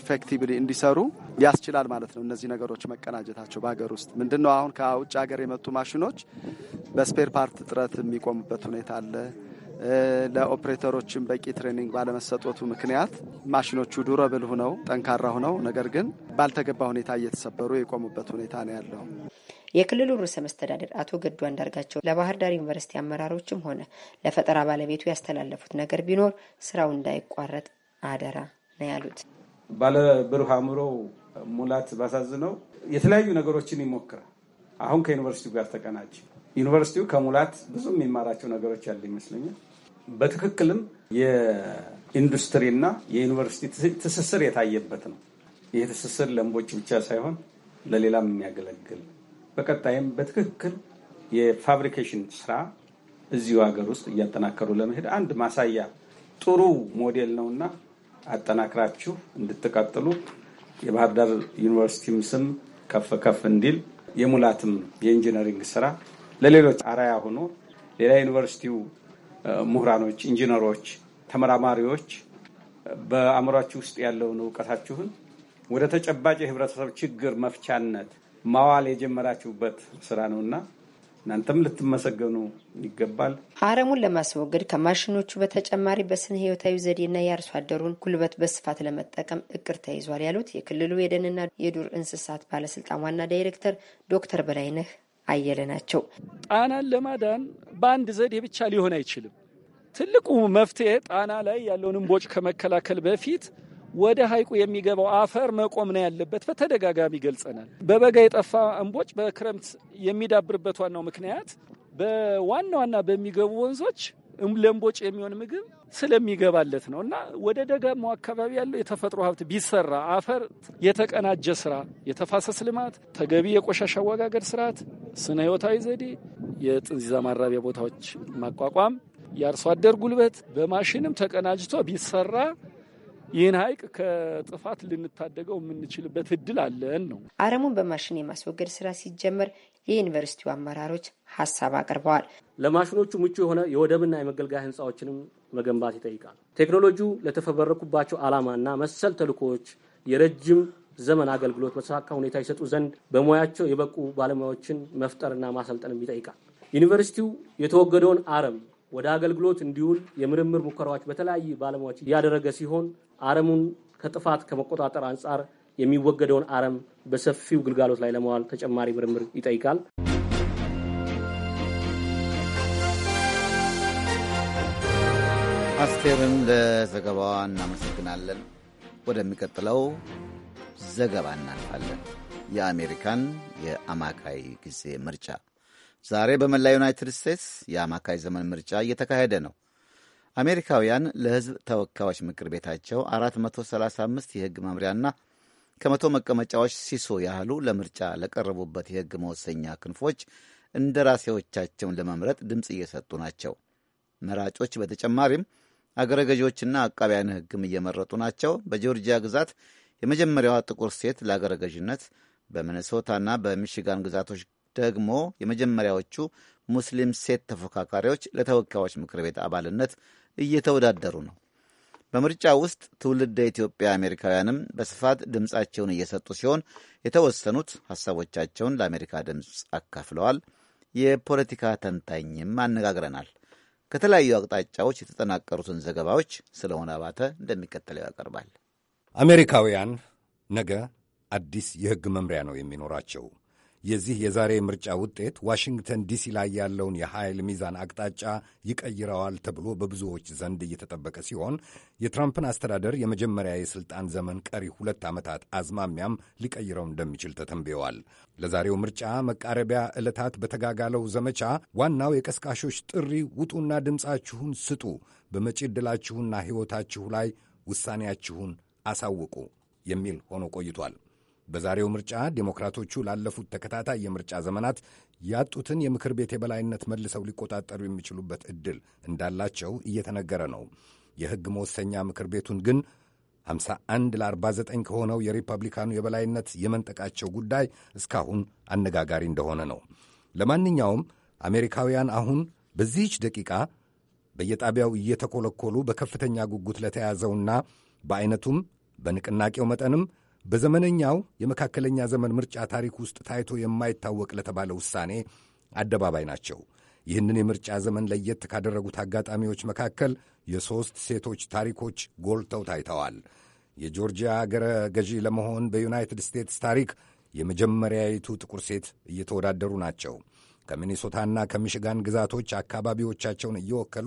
ኢፌክቲቭሊ እንዲሰሩ ያስችላል ማለት ነው። እነዚህ ነገሮች መቀናጀታቸው በሀገር ውስጥ ምንድን ነው አሁን ከውጭ ሀገር የመጡ ማሽኖች በስፔር ፓርት እጥረት የሚቆሙበት ሁኔታ አለ። ለኦፕሬተሮችን በቂ ትሬኒንግ ባለመሰጠቱ ምክንያት ማሽኖቹ ዱረብል ሁነው ጠንካራ ሁነው ነገር ግን ባልተገባ ሁኔታ እየተሰበሩ የቆሙበት ሁኔታ ነው ያለው። የክልሉ ርዕሰ መስተዳደር አቶ ገዱ አንዳርጋቸው ለባህር ዳር ዩኒቨርሲቲ አመራሮችም ሆነ ለፈጠራ ባለቤቱ ያስተላለፉት ነገር ቢኖር ስራው እንዳይቋረጥ አደራ ነው ያሉት። ባለ ብሩህ አእምሮ ሙላት ባሳዝነው የተለያዩ ነገሮችን ይሞክራል። አሁን ከዩኒቨርሲቲ ጋር ተቀናጅ ዩኒቨርሲቲው ከሙላት ብዙ የሚማራቸው ነገሮች ያለ ይመስለኛል። በትክክልም የኢንዱስትሪና የዩኒቨርሲቲ ትስስር የታየበት ነው። ይህ ትስስር ለእምቦጭ ብቻ ሳይሆን ለሌላም የሚያገለግል በቀጣይም በትክክል የፋብሪኬሽን ስራ እዚሁ ሀገር ውስጥ እያጠናከሩ ለመሄድ አንድ ማሳያ ጥሩ ሞዴል ነውና አጠናክራችሁ እንድትቀጥሉ የባህር ዳር ዩኒቨርሲቲም ስም ከፍ ከፍ እንዲል የሙላትም የኢንጂነሪንግ ስራ ለሌሎች አራያ ሆኖ ሌላ ዩኒቨርሲቲው ምሁራኖች፣ ኢንጂነሮች፣ ተመራማሪዎች በአእምሯችሁ ውስጥ ያለውን እውቀታችሁን ወደ ተጨባጭ የህብረተሰብ ችግር መፍቻነት ማዋል የጀመራችሁበት ስራ ነውና እናንተም ልትመሰገኑ ይገባል። አረሙን ለማስወገድ ከማሽኖቹ በተጨማሪ በስነ ህይወታዊ ዘዴና የአርሶ አደሩን ጉልበት በስፋት ለመጠቀም እቅድ ተይዟል ያሉት የክልሉ የደንና የዱር እንስሳት ባለስልጣን ዋና ዳይሬክተር ዶክተር በላይነህ አየለ ናቸው። ጣናን ለማዳን በአንድ ዘዴ ብቻ ሊሆን አይችልም። ትልቁ መፍትሄ ጣና ላይ ያለውን እምቦጭ ከመከላከል በፊት ወደ ሀይቁ የሚገባው አፈር መቆም ነው ያለበት። በተደጋጋሚ ይገልጸናል። በበጋ የጠፋ እምቦጭ በክረምት የሚዳብርበት ዋናው ምክንያት በዋና ዋና በሚገቡ ወንዞች ለምቦጭ የሚሆን ምግብ ስለሚገባለት ነው እና ወደ ደጋማው አካባቢ ያለው የተፈጥሮ ሀብት ቢሰራ አፈር የተቀናጀ ስራ፣ የተፋሰስ ልማት፣ ተገቢ የቆሻሻ አወጋገድ ስርዓት፣ ስነ ህይወታዊ ዘዴ፣ የጥንዚዛ ማራቢያ ቦታዎች ማቋቋም፣ የአርሶ አደር ጉልበት በማሽንም ተቀናጅቶ ቢሰራ ይህን ሀይቅ ከጥፋት ልንታደገው የምንችልበት እድል አለን ነው። አረሙን በማሽን የማስወገድ ስራ ሲጀመር የዩኒቨርሲቲው አመራሮች ሀሳብ አቅርበዋል። ለማሽኖቹ ምቹ የሆነ የወደብና የመገልገያ ህንፃዎችንም መገንባት ይጠይቃል። ቴክኖሎጂው ለተፈበረኩባቸው ዓላማና መሰል ተልእኮዎች የረጅም ዘመን አገልግሎት በተሳካ ሁኔታ ይሰጡ ዘንድ በሙያቸው የበቁ ባለሙያዎችን መፍጠርና ማሰልጠንም ይጠይቃል። ዩኒቨርሲቲው የተወገደውን አረም ወደ አገልግሎት እንዲውል የምርምር ሙከራዎች በተለያዩ ባለሙያዎች እያደረገ ሲሆን አረሙን ከጥፋት ከመቆጣጠር አንጻር የሚወገደውን አረም በሰፊው ግልጋሎት ላይ ለመዋል ተጨማሪ ምርምር ይጠይቃል። አስቴርን ለዘገባዋ እናመሰግናለን። ወደሚቀጥለው ዘገባ እናልፋለን። የአሜሪካን የአማካይ ጊዜ ምርጫ ዛሬ በመላ ዩናይትድ ስቴትስ የአማካይ ዘመን ምርጫ እየተካሄደ ነው። አሜሪካውያን ለሕዝብ ተወካዮች ምክር ቤታቸው 435 የሕግ መምሪያና ከመቶ መቀመጫዎች ሲሶ ያህሉ ለምርጫ ለቀረቡበት የሕግ መወሰኛ ክንፎች እንደራሴዎቻቸውን ለመምረጥ ድምፅ እየሰጡ ናቸው። መራጮች በተጨማሪም አገረገዦችና አቃቢያን ሕግም እየመረጡ ናቸው። በጆርጂያ ግዛት የመጀመሪያዋ ጥቁር ሴት ለአገረገዥነት ገዥነት፣ በሚሽጋን ግዛቶች ደግሞ የመጀመሪያዎቹ ሙስሊም ሴት ተፎካካሪዎች ለተወካዮች ምክር ቤት አባልነት እየተወዳደሩ ነው። በምርጫ ውስጥ ትውልደ ኢትዮጵያ አሜሪካውያንም በስፋት ድምፃቸውን እየሰጡ ሲሆን የተወሰኑት ሐሳቦቻቸውን ለአሜሪካ ድምፅ አካፍለዋል። የፖለቲካ ተንታኝም አነጋግረናል። ከተለያዩ አቅጣጫዎች የተጠናቀሩትን ዘገባዎች ስለሆነ አባተ እንደሚከተለው ያቀርባል። አሜሪካውያን ነገ አዲስ የሕግ መምሪያ ነው የሚኖራቸው። የዚህ የዛሬ ምርጫ ውጤት ዋሽንግተን ዲሲ ላይ ያለውን የኃይል ሚዛን አቅጣጫ ይቀይረዋል ተብሎ በብዙዎች ዘንድ እየተጠበቀ ሲሆን የትራምፕን አስተዳደር የመጀመሪያ የሥልጣን ዘመን ቀሪ ሁለት ዓመታት አዝማሚያም ሊቀይረው እንደሚችል ተተንብየዋል። ለዛሬው ምርጫ መቃረቢያ ዕለታት በተጋጋለው ዘመቻ ዋናው የቀስቃሾች ጥሪ ውጡና ድምፃችሁን ስጡ፣ በመጪ ዕድላችሁና ሕይወታችሁ ላይ ውሳኔያችሁን አሳውቁ የሚል ሆኖ ቆይቷል። በዛሬው ምርጫ ዴሞክራቶቹ ላለፉት ተከታታይ የምርጫ ዘመናት ያጡትን የምክር ቤት የበላይነት መልሰው ሊቆጣጠሩ የሚችሉበት ዕድል እንዳላቸው እየተነገረ ነው። የሕግ መወሰኛ ምክር ቤቱን ግን 51 ለ49 ከሆነው የሪፐብሊካኑ የበላይነት የመንጠቃቸው ጉዳይ እስካሁን አነጋጋሪ እንደሆነ ነው። ለማንኛውም አሜሪካውያን አሁን በዚህች ደቂቃ በየጣቢያው እየተኮለኮሉ በከፍተኛ ጉጉት ለተያዘውና በዐይነቱም በንቅናቄው መጠንም በዘመነኛው የመካከለኛ ዘመን ምርጫ ታሪክ ውስጥ ታይቶ የማይታወቅ ለተባለ ውሳኔ አደባባይ ናቸው። ይህንን የምርጫ ዘመን ለየት ካደረጉት አጋጣሚዎች መካከል የሦስት ሴቶች ታሪኮች ጎልተው ታይተዋል። የጆርጂያ አገረ ገዢ ለመሆን በዩናይትድ ስቴትስ ታሪክ የመጀመሪያይቱ ጥቁር ሴት እየተወዳደሩ ናቸው። ከሚኒሶታና ከሚሽጋን ግዛቶች አካባቢዎቻቸውን እየወከሉ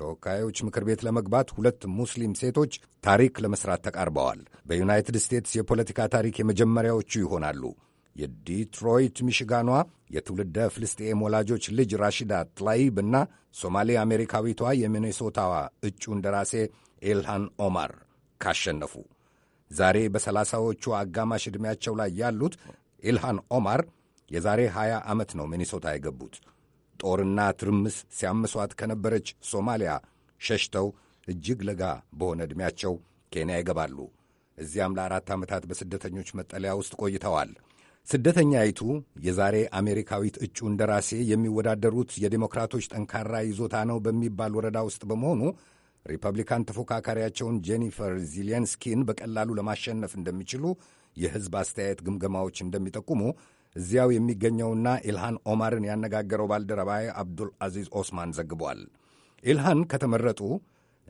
ተወካዮች ምክር ቤት ለመግባት ሁለት ሙስሊም ሴቶች ታሪክ ለመስራት ተቃርበዋል። በዩናይትድ ስቴትስ የፖለቲካ ታሪክ የመጀመሪያዎቹ ይሆናሉ። የዲትሮይት ሚሽጋኗ የትውልደ ፍልስጤም ወላጆች ልጅ ራሽዳ ትላይብ እና ሶማሌ አሜሪካዊቷ የሚኔሶታዋ እጩ እንደራሴ ኤልሃን ኦማር ካሸነፉ ዛሬ በሰላሳዎቹ አጋማሽ ዕድሜያቸው ላይ ያሉት ኤልሃን ኦማር የዛሬ 20 ዓመት ነው ሚኒሶታ የገቡት። ጦርና ትርምስ ሲያመሷት ከነበረች ሶማሊያ ሸሽተው እጅግ ለጋ በሆነ ዕድሜያቸው ኬንያ ይገባሉ። እዚያም ለአራት ዓመታት በስደተኞች መጠለያ ውስጥ ቆይተዋል። ስደተኛይቱ የዛሬ አሜሪካዊት እጩ እንደራሴ የሚወዳደሩት የዴሞክራቶች ጠንካራ ይዞታ ነው በሚባል ወረዳ ውስጥ በመሆኑ ሪፐብሊካን ተፎካካሪያቸውን ጄኒፈር ዚሌንስኪን በቀላሉ ለማሸነፍ እንደሚችሉ የሕዝብ አስተያየት ግምገማዎች እንደሚጠቁሙ እዚያው የሚገኘውና ኢልሃን ኦማርን ያነጋገረው ባልደረባይ አብዱል አዚዝ ኦስማን ዘግቧል። ኢልሃን ከተመረጡ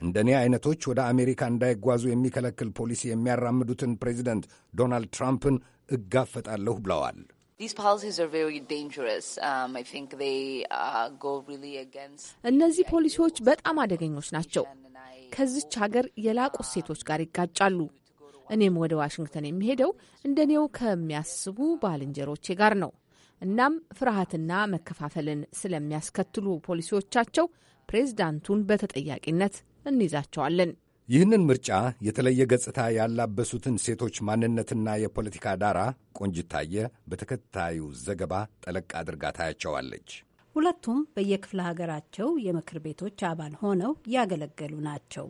እንደ እኔ አይነቶች ወደ አሜሪካ እንዳይጓዙ የሚከለክል ፖሊሲ የሚያራምዱትን ፕሬዚደንት ዶናልድ ትራምፕን እጋፈጣለሁ ብለዋል። um, uh, እነዚህ ፖሊሲዎች በጣም አደገኞች ናቸው። ከዚች ሀገር የላቁ እሴቶች ጋር ይጋጫሉ። እኔም ወደ ዋሽንግተን የሚሄደው እንደኔው ከሚያስቡ ባልንጀሮቼ ጋር ነው። እናም ፍርሃትና መከፋፈልን ስለሚያስከትሉ ፖሊሲዎቻቸው ፕሬዝዳንቱን በተጠያቂነት እንይዛቸዋለን። ይህንን ምርጫ የተለየ ገጽታ ያላበሱትን ሴቶች ማንነትና የፖለቲካ ዳራ ቆንጅታየ በተከታዩ ዘገባ ጠለቅ አድርጋ ታያቸዋለች። ሁለቱም በየክፍለ ሀገራቸው የምክር ቤቶች አባል ሆነው ያገለገሉ ናቸው።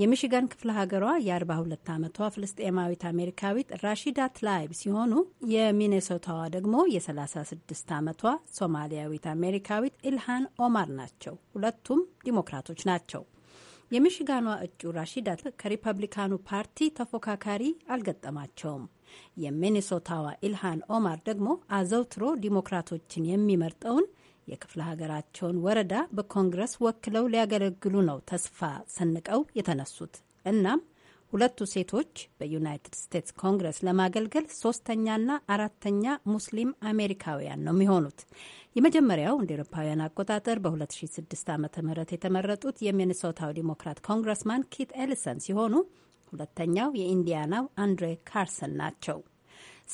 የሚሽጋን ክፍለ ሀገሯ የ42 ዓመቷ ፍልስጤማዊት አሜሪካዊት ራሺዳ ትላይብ ሲሆኑ የሚኔሶታዋ ደግሞ የ36 ዓመቷ ሶማሊያዊት አሜሪካዊት ኢልሃን ኦማር ናቸው። ሁለቱም ዲሞክራቶች ናቸው። የሚሽጋኗ እጩ ራሺዳ ከሪፐብሊካኑ ፓርቲ ተፎካካሪ አልገጠማቸውም። የሚኔሶታዋ ኢልሃን ኦማር ደግሞ አዘውትሮ ዲሞክራቶችን የሚመርጠውን የክፍለ ሀገራቸውን ወረዳ በኮንግረስ ወክለው ሊያገለግሉ ነው ተስፋ ሰንቀው የተነሱት። እናም ሁለቱ ሴቶች በዩናይትድ ስቴትስ ኮንግረስ ለማገልገል ሶስተኛና አራተኛ ሙስሊም አሜሪካውያን ነው የሚሆኑት። የመጀመሪያው እንደ ኤሮፓውያን አቆጣጠር በ2006 ዓ ም የተመረጡት የሚኒሶታው ዲሞክራት ኮንግረስማን ኪት ኤሊሰን ሲሆኑ ሁለተኛው የኢንዲያናው አንድሬ ካርሰን ናቸው።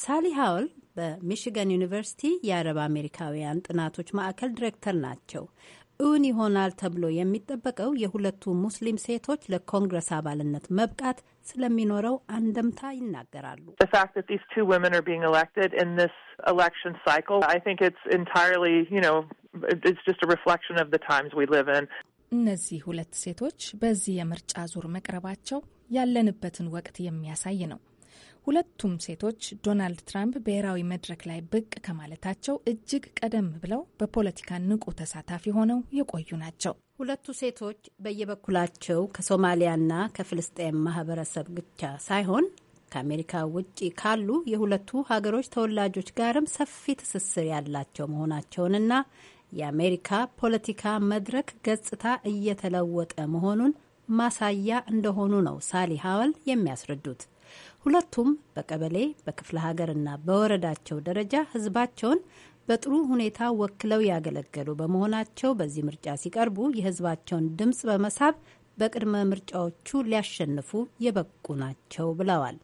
ሳሊ ሃውል በሚሽገን ዩኒቨርሲቲ የአረብ አሜሪካውያን ጥናቶች ማዕከል ዲሬክተር ናቸው። እውን ይሆናል ተብሎ የሚጠበቀው የሁለቱ ሙስሊም ሴቶች ለኮንግረስ አባልነት መብቃት ስለሚኖረው አንደምታ ይናገራሉ። እነዚህ ሁለት ሴቶች በዚህ የምርጫ ዙር መቅረባቸው ያለንበትን ወቅት የሚያሳይ ነው። ሁለቱም ሴቶች ዶናልድ ትራምፕ ብሔራዊ መድረክ ላይ ብቅ ከማለታቸው እጅግ ቀደም ብለው በፖለቲካ ንቁ ተሳታፊ ሆነው የቆዩ ናቸው። ሁለቱ ሴቶች በየበኩላቸው ከሶማሊያና ከፍልስጤም ማህበረሰብ ብቻ ሳይሆን ከአሜሪካ ውጭ ካሉ የሁለቱ ሀገሮች ተወላጆች ጋርም ሰፊ ትስስር ያላቸው መሆናቸውንና የአሜሪካ ፖለቲካ መድረክ ገጽታ እየተለወጠ መሆኑን ማሳያ እንደሆኑ ነው ሳሊ ሀወል የሚያስረዱት። ሁለቱም በቀበሌ በክፍለ ሀገርና በወረዳቸው ደረጃ ህዝባቸውን በጥሩ ሁኔታ ወክለው ያገለገሉ በመሆናቸው በዚህ ምርጫ ሲቀርቡ የህዝባቸውን ድምፅ በመሳብ በቅድመ ምርጫዎቹ ሊያሸንፉ የበቁ ናቸው ብለዋል።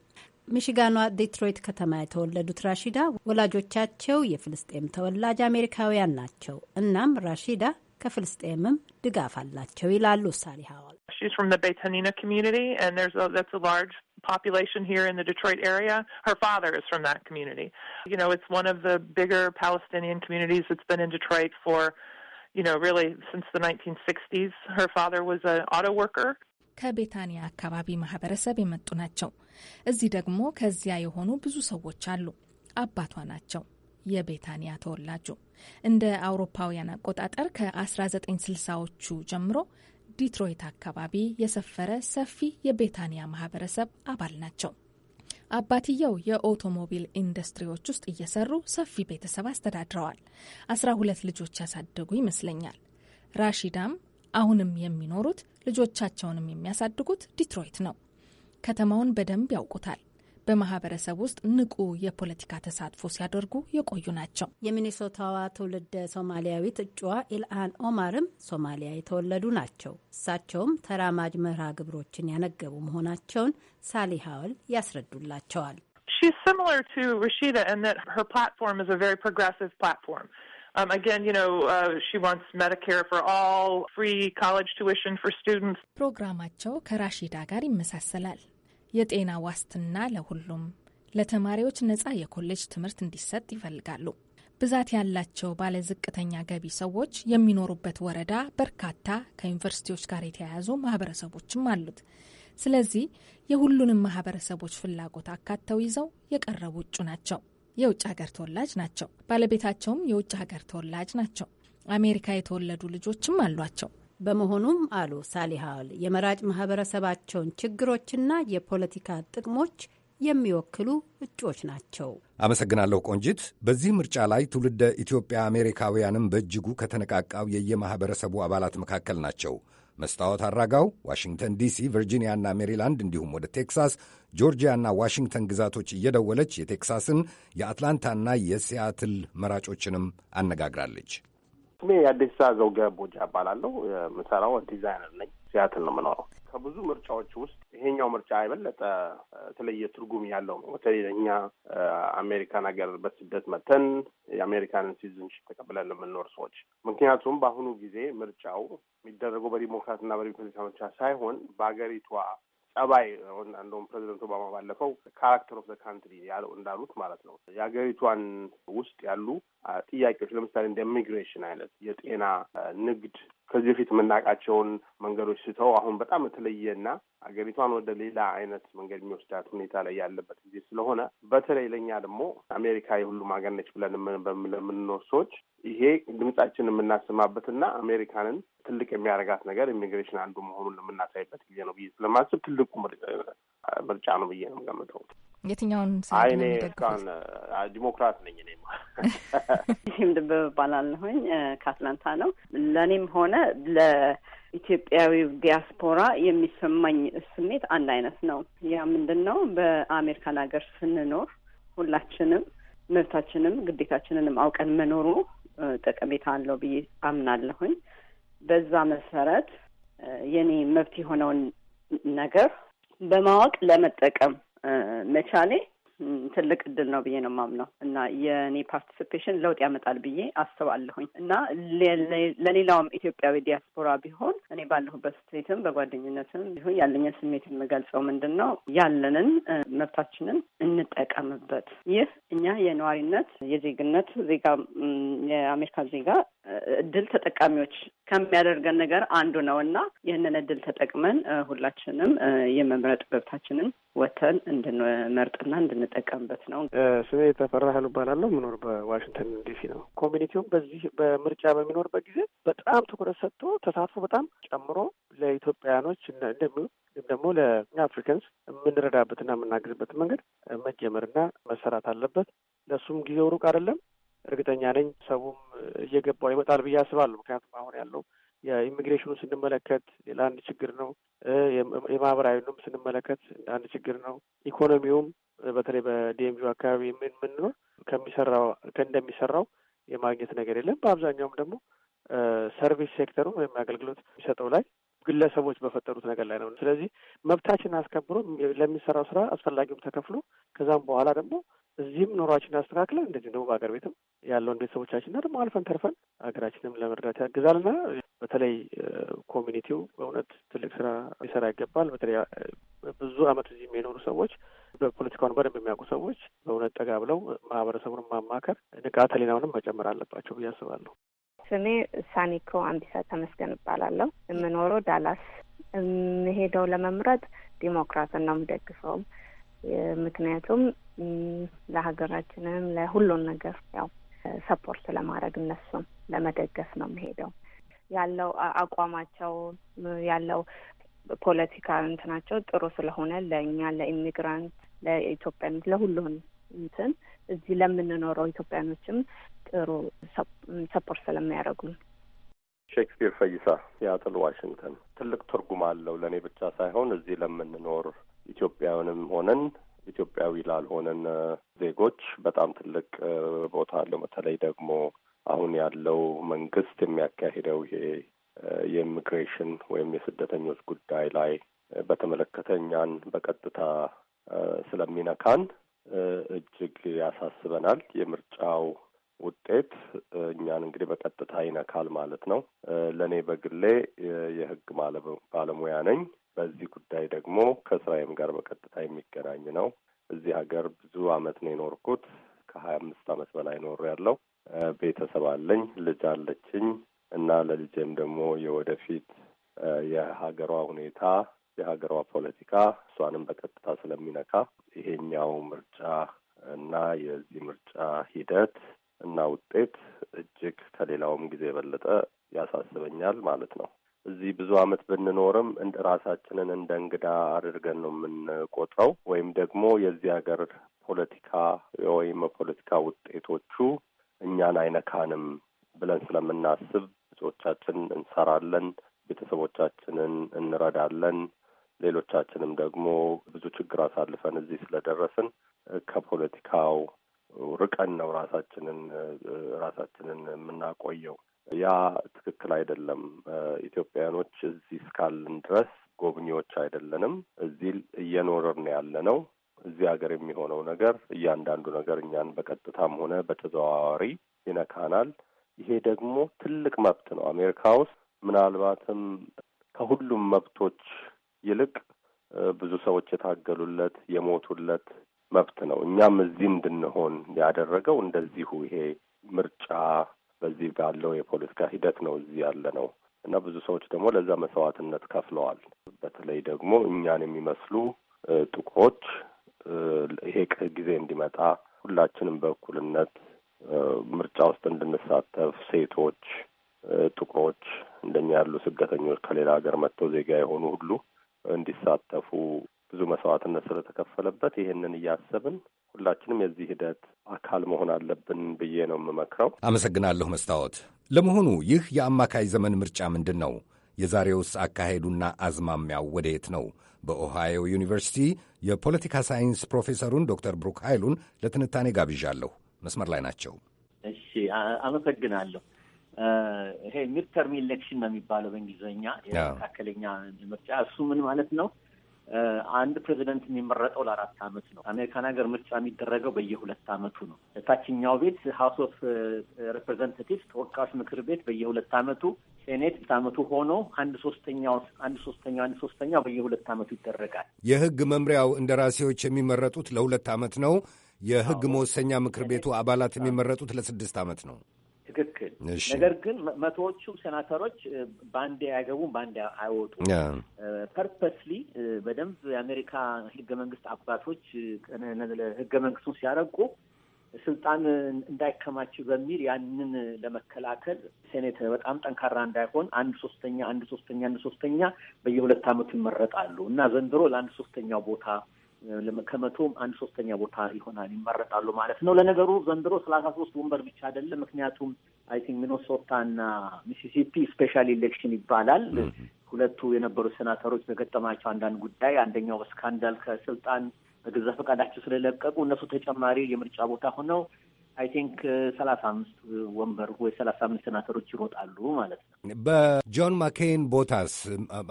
ሚሽጋኗ ዲትሮይት ከተማ የተወለዱት ራሺዳ ወላጆቻቸው የፍልስጤም ተወላጅ አሜሪካውያን ናቸው። እናም ራሺዳ ከፍልስጤምም ድጋፍ አላቸው ይላሉ ሳሊሃዋ። She's from the Betanina community, and there's a, that's a large population here in the Detroit area. Her father is from that community. You know, it's one of the bigger Palestinian communities that's been in Detroit for, you know, really since the 1960s. Her father was an auto worker. ከቤታንያ አካባቢ ማህበረሰብ የመጡ ናቸው። እዚህ ደግሞ ከዚያ የሆኑ ብዙ ሰዎች አሉ። አባቷ ናቸው የቤታንያ ተወላጁ። እንደ አውሮፓውያን አቆጣጠር ከ1960ዎቹ ጀምሮ ዲትሮይት አካባቢ የሰፈረ ሰፊ የቤታንያ ማህበረሰብ አባል ናቸው። አባትየው የኦቶሞቢል ኢንዱስትሪዎች ውስጥ እየሰሩ ሰፊ ቤተሰብ አስተዳድረዋል። አስራ ሁለት ልጆች ያሳደጉ ይመስለኛል። ራሺዳም አሁንም የሚኖሩት ልጆቻቸውንም የሚያሳድጉት ዲትሮይት ነው። ከተማውን በደንብ ያውቁታል። በማህበረሰብ ውስጥ ንቁ የፖለቲካ ተሳትፎ ሲያደርጉ የቆዩ ናቸው። የሚኒሶታዋ ትውልድ ሶማሊያዊት እጩዋ ኢልሃን ኦማርም ሶማሊያ የተወለዱ ናቸው። እሳቸውም ተራማጅ መርሃ ግብሮችን ያነገቡ መሆናቸውን ሳሊ ሀወል ያስረዱላቸዋል። She's similar to Rashida in that her platform is a very progressive platform. Um, again, you know, uh, she wants Medicare for all, free college tuition for students. ፕሮግራማቸው ከራሺዳ ጋር ይመሳሰላል። የጤና ዋስትና ለሁሉም፣ ለተማሪዎች ነጻ የኮሌጅ ትምህርት እንዲሰጥ ይፈልጋሉ። ብዛት ያላቸው ባለ ዝቅተኛ ገቢ ሰዎች የሚኖሩበት ወረዳ በርካታ ከዩኒቨርሲቲዎች ጋር የተያያዙ ማህበረሰቦችም አሉት። ስለዚህ የሁሉንም ማህበረሰቦች ፍላጎት አካተው ይዘው የቀረቡ እጩ ናቸው። የውጭ ሀገር ተወላጅ ናቸው። ባለቤታቸውም የውጭ ሀገር ተወላጅ ናቸው። አሜሪካ የተወለዱ ልጆችም አሏቸው። በመሆኑም አሉ ሳሊሃል የመራጭ ማህበረሰባቸውን ችግሮችና የፖለቲካ ጥቅሞች የሚወክሉ እጩዎች ናቸው። አመሰግናለሁ ቆንጂት። በዚህ ምርጫ ላይ ትውልደ ኢትዮጵያ አሜሪካውያንም በእጅጉ ከተነቃቃው የየማኅበረሰቡ አባላት መካከል ናቸው። መስታወት አራጋው ዋሽንግተን ዲሲ፣ ቨርጂኒያና ሜሪላንድ እንዲሁም ወደ ቴክሳስ፣ ጆርጂያና ዋሽንግተን ግዛቶች እየደወለች የቴክሳስን የአትላንታና የሲያትል መራጮችንም አነጋግራለች። ስሜ የአዲስ ዘውገ ቦጃ እባላለሁ። የምሰራው ዲዛይነር ነኝ። ሲያትል ነው የምኖረው። ከብዙ ምርጫዎች ውስጥ ይሄኛው ምርጫ የበለጠ የተለየ ትርጉም ያለው ነው። በተለይ እኛ አሜሪካን ሀገር በስደት መተን የአሜሪካንን ሲቲዝንሺፕ ተቀብለን የምንኖር ሰዎች፣ ምክንያቱም በአሁኑ ጊዜ ምርጫው የሚደረገው በዲሞክራትና በሪፐብሊካን ብቻ ሳይሆን በሀገሪቷ ጠባይ እንደውም ፕሬዚደንት ኦባማ ባለፈው ካራክተር ኦፍ ዘ ካንትሪ ያለው እንዳሉት ማለት ነው የሀገሪቷን ውስጥ ያሉ ጥያቄዎች ለምሳሌ እንደ ኢሚግሬሽን አይነት፣ የጤና፣ ንግድ ከዚህ በፊት የምናውቃቸውን መንገዶች ስተው አሁን በጣም የተለየና ሀገሪቷን ወደ ሌላ አይነት መንገድ የሚወስዳት ሁኔታ ላይ ያለበት ጊዜ ስለሆነ በተለይ ለእኛ ደግሞ አሜሪካ የሁሉም ሀገር ነች ብለን ለምንኖር ሰዎች ይሄ ድምጻችን የምናሰማበትና አሜሪካንን ትልቅ የሚያደርጋት ነገር ኢሚግሬሽን አንዱ መሆኑን የምናሳይበት ጊዜ ነው ብዬ ስለማስብ ትልቁ ምርጫ ነው ብዬ ነው የምገምተው። የትኛውን አይኔ እስካሁን ዲሞክራት ነኝ። እኔ ይህም ድብብ እባላለሁኝ ከአትላንታ ነው። ለእኔም ሆነ ለኢትዮጵያዊ ዲያስፖራ የሚሰማኝ ስሜት አንድ አይነት ነው። ያ ምንድን ነው? በአሜሪካን ሀገር ስንኖር ሁላችንም መብታችንም ግዴታችንንም አውቀን መኖሩ ጠቀሜታ አለው ብዬ አምናለሁኝ። በዛ መሰረት የኔ መብት የሆነውን ነገር በማወቅ ለመጠቀም መቻሌ ትልቅ እድል ነው ብዬ ነው የማምነው እና የእኔ ፓርቲሲፔሽን ለውጥ ያመጣል ብዬ አስባለሁኝ እና ለሌላውም ኢትዮጵያዊ ዲያስፖራ ቢሆን እኔ ባለሁበት ስቴትም በጓደኝነትም ቢሆን ያለኝን ስሜት የምገልጸው ምንድን ነው፣ ያለንን መብታችንን እንጠቀምበት። ይህ እኛ የነዋሪነት የዜግነት ዜጋ የአሜሪካን ዜጋ እድል ተጠቃሚዎች ከሚያደርገን ነገር አንዱ ነው እና ይህንን እድል ተጠቅመን ሁላችንም የመምረጥ መብታችንን ወተን እንድንመርጥና እንድንጠቀምበት ነው። ስሜ ተፈራ ኃይሉ እባላለሁ። የምኖር በዋሽንግተን ዲሲ ነው። ኮሚኒቲውም በዚህ በምርጫ በሚኖርበት ጊዜ በጣም ትኩረት ሰጥቶ ተሳትፎ በጣም ጨምሮ ለኢትዮጵያውያኖች እንደሚሆን ግን ደግሞ ለአፍሪካንስ የምንረዳበትና የምናግዝበት መንገድ መጀመርና መሰራት አለበት። ለእሱም ጊዜው ሩቅ አይደለም። እርግጠኛ ነኝ ሰቡም እየገባው ይመጣል ብዬ አስባለሁ። ምክንያቱም አሁን ያለው የኢሚግሬሽኑ ስንመለከት ለአንድ ችግር ነው። የማህበራዊንም ስንመለከት አንድ ችግር ነው። ኢኮኖሚውም በተለይ በዲኤምቪው አካባቢ የምንኖር ከሚሰራው ከእንደሚሰራው የማግኘት ነገር የለም። በአብዛኛውም ደግሞ ሰርቪስ ሴክተሩ ወይም አገልግሎት የሚሰጠው ላይ ግለሰቦች በፈጠሩት ነገር ላይ ነው። ስለዚህ መብታችን አስከብሮ ለሚሰራው ስራ አስፈላጊውም ተከፍሎ ከዛም በኋላ ደግሞ እዚህም ኑሯችን አስተካክለን እንደዚህ ደግሞ በሀገር ቤትም ያለውን ቤተሰቦቻችንና ደግሞ አልፈን ተርፈን ሀገራችንም ለመርዳት ያግዛልና በተለይ ኮሚኒቲው በእውነት ትልቅ ስራ ሊሰራ ይገባል። በተለይ ብዙ አመት እዚህ የሚኖሩ ሰዎች በፖለቲካውን በደንብ የሚያውቁ ሰዎች በእውነት ጠጋ ብለው ማህበረሰቡን ማማከር ንቃተ ህሊናውንም መጨመር አለባቸው ብዬ አስባለሁ። ስሜ ሳኒኮ አንዲሳ ተመስገን እባላለሁ። የምኖረው ዳላስ። የምሄደው ለመምረጥ ዲሞክራትን ነው የምደግፈውም። ምክንያቱም ለሀገራችንም ለሁሉን ነገር ያው ሰፖርት ለማድረግ እነሱም ለመደገፍ ነው የምሄደው። ያለው አቋማቸው ያለው ፖለቲካ እንትናቸው ጥሩ ስለሆነ ለእኛ ለኢሚግራንት ለኢትዮጵያ ለሁሉን እንትን እዚህ ለምንኖረው ኢትዮጵያኖችም ጥሩ ሰፖርት ስለሚያደርጉም ሼክስፒር ፈይሳ ሲያትል ዋሽንግተን ትልቅ ትርጉም አለው ለእኔ ብቻ ሳይሆን እዚህ ለምንኖር ኢትዮጵያንም ሆነን ኢትዮጵያዊ ላልሆነን ዜጎች በጣም ትልቅ ቦታ አለው። በተለይ ደግሞ አሁን ያለው መንግስት የሚያካሂደው ይሄ የኢሚግሬሽን ወይም የስደተኞች ጉዳይ ላይ በተመለከተ እኛን በቀጥታ ስለሚነካን እጅግ ያሳስበናል። የምርጫው ውጤት እኛን እንግዲህ በቀጥታ ይነካል ማለት ነው። ለእኔ በግሌ የህግ ባለሙያ ነኝ። በዚህ ጉዳይ ደግሞ ከስራዬም ጋር በቀጥታ የሚገናኝ ነው። እዚህ ሀገር ብዙ አመት ነው የኖርኩት። ከሀያ አምስት አመት በላይ ኖሩ ያለው ቤተሰብ አለኝ፣ ልጅ አለችኝ እና ለልጄም ደግሞ የወደፊት የሀገሯ ሁኔታ የሀገሯ ፖለቲካ እሷንም በቀጥታ ስለሚነካ ይሄኛው ምርጫ እና የዚህ ምርጫ ሂደት እና ውጤት እጅግ ከሌላውም ጊዜ የበለጠ ያሳስበኛል ማለት ነው። እዚህ ብዙ ዓመት ብንኖርም እንደ ራሳችንን እንደ እንግዳ አድርገን ነው የምንቆጥረው ወይም ደግሞ የዚህ ሀገር ፖለቲካ ወይም የፖለቲካ ውጤቶቹ እኛን አይነካንም ብለን ስለምናስብ ብዙዎቻችን እንሰራለን፣ ቤተሰቦቻችንን እንረዳለን፣ ሌሎቻችንም ደግሞ ብዙ ችግር አሳልፈን እዚህ ስለደረስን ከፖለቲካው ርቀን ነው ራሳችንን ራሳችንን የምናቆየው። ያ ትክክል አይደለም። ኢትዮጵያውያኖች እዚህ እስካልን ድረስ ጎብኚዎች አይደለንም። እዚህ እየኖርን ያለ ነው። እዚህ ሀገር የሚሆነው ነገር እያንዳንዱ ነገር እኛን በቀጥታም ሆነ በተዘዋዋሪ ይነካናል። ይሄ ደግሞ ትልቅ መብት ነው። አሜሪካ ውስጥ ምናልባትም ከሁሉም መብቶች ይልቅ ብዙ ሰዎች የታገሉለት የሞቱለት መብት ነው። እኛም እዚህ እንድንሆን ያደረገው እንደዚሁ ይሄ ምርጫ በዚህ ባለው የፖለቲካ ሂደት ነው እዚህ ያለ ነው እና ብዙ ሰዎች ደግሞ ለዛ መስዋዕትነት ከፍለዋል። በተለይ ደግሞ እኛን የሚመስሉ ጥቁሮች ይሄ ጊዜ እንዲመጣ ሁላችንም በእኩልነት ምርጫ ውስጥ እንድንሳተፍ ሴቶች፣ ጥቁሮች፣ እንደኛ ያሉ ስደተኞች ከሌላ ሀገር መጥተው ዜጋ የሆኑ ሁሉ እንዲሳተፉ ብዙ መስዋዕትነት ስለተከፈለበት ይህንን እያሰብን ሁላችንም የዚህ ሂደት አካል መሆን አለብን ብዬ ነው የምመክረው። አመሰግናለሁ። መስታወት፣ ለመሆኑ ይህ የአማካይ ዘመን ምርጫ ምንድን ነው? የዛሬውስ አካሄዱና አዝማሚያው ወደየት ነው? በኦሃዮ ዩኒቨርሲቲ የፖለቲካ ሳይንስ ፕሮፌሰሩን ዶክተር ብሩክ ኃይሉን ለትንታኔ ጋብዣለሁ። መስመር ላይ ናቸው። እሺ፣ አመሰግናለሁ። ይሄ ሚድተርም ኢሌክሽን በሚባለው በእንግሊዝኛ የመካከለኛ ምርጫ እሱ ምን ማለት ነው? አንድ ፕሬዚደንት የሚመረጠው ለአራት አመት ነው። አሜሪካን ሀገር ምርጫ የሚደረገው በየሁለት አመቱ ነው። ታችኛው ቤት ሀውስ ኦፍ ሬፕሬዘንታቲቭስ ተወካዮች ምክር ቤት በየሁለት አመቱ፣ ሴኔት አመቱ ሆኖ አንድ ሶስተኛው አንድ ሶስተኛው አንድ ሶስተኛው በየሁለት አመቱ ይደረጋል። የህግ መምሪያው እንደራሴዎች የሚመረጡት ለሁለት አመት ነው። የህግ መወሰኛ ምክር ቤቱ አባላት የሚመረጡት ለስድስት አመት ነው። ትክክል። ነገር ግን መቶዎቹ ሴናተሮች በአንድ አይገቡም፣ በአንድ አይወጡም። ፐርፐስሊ በደንብ የአሜሪካ ህገ መንግስት አባቶች ህገ መንግስቱን ሲያረቁ ስልጣን እንዳይከማች በሚል ያንን ለመከላከል ሴኔት በጣም ጠንካራ እንዳይሆን አንድ ሶስተኛ አንድ ሶስተኛ አንድ ሶስተኛ በየሁለት አመቱ ይመረጣሉ እና ዘንድሮ ለአንድ ሶስተኛው ቦታ ከመቶም አንድ ሶስተኛ ቦታ ይሆናል ይመረጣሉ ማለት ነው። ለነገሩ ዘንድሮ ሰላሳ ሶስት ወንበር ብቻ አይደለም። ምክንያቱም አይ ቲንክ ሚኖሶታ እና ሚሲሲፒ ስፔሻል ኢሌክሽን ይባላል። ሁለቱ የነበሩ ሴናተሮች በገጠማቸው አንዳንድ ጉዳይ አንደኛው በስካንዳል ከስልጣን በገዛ ፈቃዳቸው ስለለቀቁ እነሱ ተጨማሪ የምርጫ ቦታ ሆነው አይ ቲንክ ሰላሳ አምስት ወንበር ወይ ሰላሳ አምስት ሴናተሮች ይሮጣሉ ማለት ነው። በጆን ማኬን ቦታስ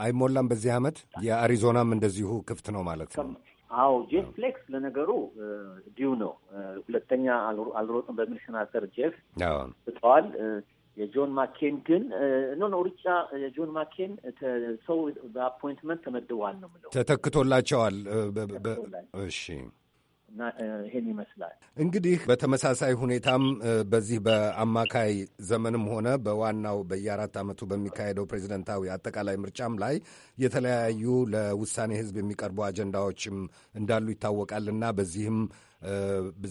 አይሞላም በዚህ አመት። የአሪዞናም እንደዚሁ ክፍት ነው ማለት ነው። አዎ ጄፍ ፍሌክስ ለነገሩ ዲው ነው። ሁለተኛ አልሮጥም በሚል ሴናተር ጄፍ ስጠዋል። የጆን ማኬን ግን ኖ ኖ ሩጫ የጆን ማኬን ሰው በአፖይንትመንት ተመድቧል ነው ምለው ተተክቶላቸዋል። እሺ ይሄን ይመስላል። እንግዲህ በተመሳሳይ ሁኔታም በዚህ በአማካይ ዘመንም ሆነ በዋናው በየአራት ዓመቱ በሚካሄደው ፕሬዚደንታዊ አጠቃላይ ምርጫም ላይ የተለያዩ ለውሳኔ ህዝብ የሚቀርቡ አጀንዳዎችም እንዳሉ ይታወቃልና በዚህም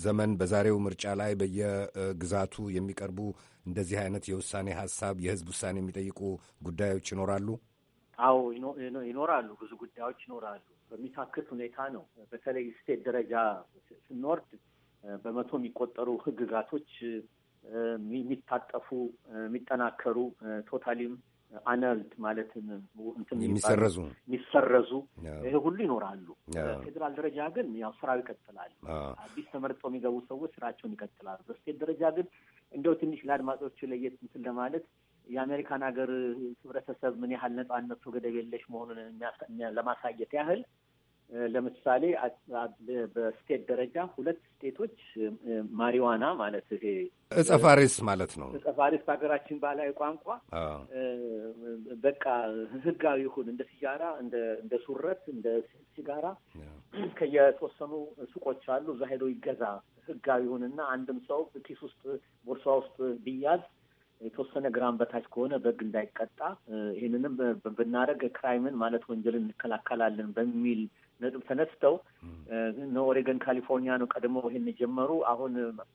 ዘመን በዛሬው ምርጫ ላይ በየግዛቱ የሚቀርቡ እንደዚህ አይነት የውሳኔ ሀሳብ የህዝብ ውሳኔ የሚጠይቁ ጉዳዮች ይኖራሉ። አዎ ይኖራሉ። ብዙ ጉዳዮች ይኖራሉ። በሚታክት ሁኔታ ነው። በተለይ ስቴት ደረጃ ስንወርድ በመቶ የሚቆጠሩ ህግጋቶች የሚታጠፉ የሚጠናከሩ ቶታሊም አነልድ ማለት የሚሰረዙ የሚሰረዙ ይሄ ሁሉ ይኖራሉ። ፌዴራል ደረጃ ግን ያው ስራው ይቀጥላል። አዲስ ተመርጠው የሚገቡ ሰዎች ስራቸውን ይቀጥላሉ። በስቴት ደረጃ ግን እንደው ትንሽ ለአድማጮቹ ለየት እንትን ለማለት የአሜሪካን ሀገር ህብረተሰብ ምን ያህል ነጻነቱ ገደብ የለሽ መሆኑን ለማሳየት ያህል ለምሳሌ በስቴት ደረጃ ሁለት ስቴቶች ማሪዋና ማለት ይሄ እጸፋሪስ ማለት ነው። እጸፋሪስ በሀገራችን ባህላዊ ቋንቋ በቃ ህጋዊ ይሁን እንደ ሲጃራ፣ እንደ ሱረት፣ እንደ ሲጋራ ከየተወሰኑ ሱቆች አሉ። እዛ ሄዶ ይገዛ ህጋዊ ይሁንና አንድም ሰው ኪስ ውስጥ ቦርሳ ውስጥ ቢያዝ የተወሰነ ግራም በታች ከሆነ በግ እንዳይቀጣ ይህንንም ብናደርግ ክራይምን ማለት ወንጀልን እንከላከላለን በሚል ነጥብ ተነስተው ኦሬገን፣ ካሊፎርኒያ ነው ቀድሞ ይሄን የጀመሩ። አሁን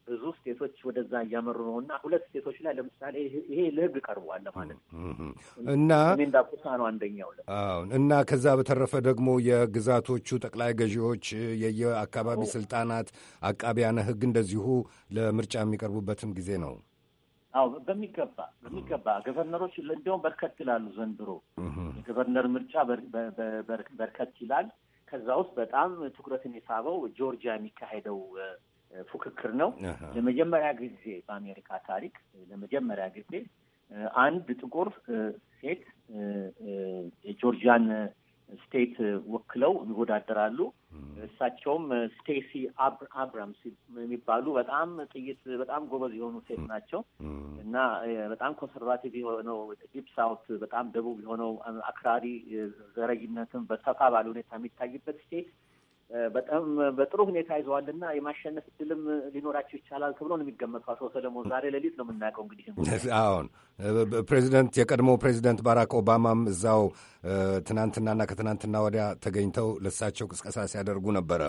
ብዙ ስቴቶች ወደዛ እያመሩ ነው እና ሁለት ስቴቶች ላይ ለምሳሌ ይሄ ለህግ ቀርቧል ለማለት እና እንዳቁሳ ነው አንደኛው እና ከዛ በተረፈ ደግሞ የግዛቶቹ ጠቅላይ ገዢዎች የየአካባቢ ስልጣናት አቃቢያነ ህግ እንደዚሁ ለምርጫ የሚቀርቡበትም ጊዜ ነው። አዎ በሚገባ በሚገባ ገቨርነሮች እንዲያውም በርከት ይላሉ። ዘንድሮ ገቨርነር ምርጫ በርከት ይላል። ከዛ ውስጥ በጣም ትኩረትን የሳበው ጆርጂያ የሚካሄደው ፉክክር ነው። ለመጀመሪያ ጊዜ በአሜሪካ ታሪክ ለመጀመሪያ ጊዜ አንድ ጥቁር ሴት የጆርጂያን ስቴት ወክለው ይወዳደራሉ። እሳቸውም ስቴሲ አብራምስ የሚባሉ በጣም ጥይት በጣም ጎበዝ የሆኑ ሴት ናቸው እና በጣም ኮንሰርቫቲቭ የሆነው ዲፕ ሳውት በጣም ደቡብ የሆነው አክራሪ ዘረኝነትን በሰፋ ባለ ሁኔታ የሚታይበት ስቴት በጣም በጥሩ ሁኔታ ይዘዋል የማሸነፍ እድልም ሊኖራቸው ይቻላል ተብሎ ነው የሚገመቱ። አቶ ሰለሞን ዛሬ ሌሊት ነው የምናውቀው። እንግዲህ አሁን ፕሬዚደንት የቀድሞ ፕሬዚደንት ባራክ ኦባማም እዛው ትናንትናና ከትናንትና ወዲያ ተገኝተው ለሳቸው ቅስቀሳ ሲያደርጉ ነበረ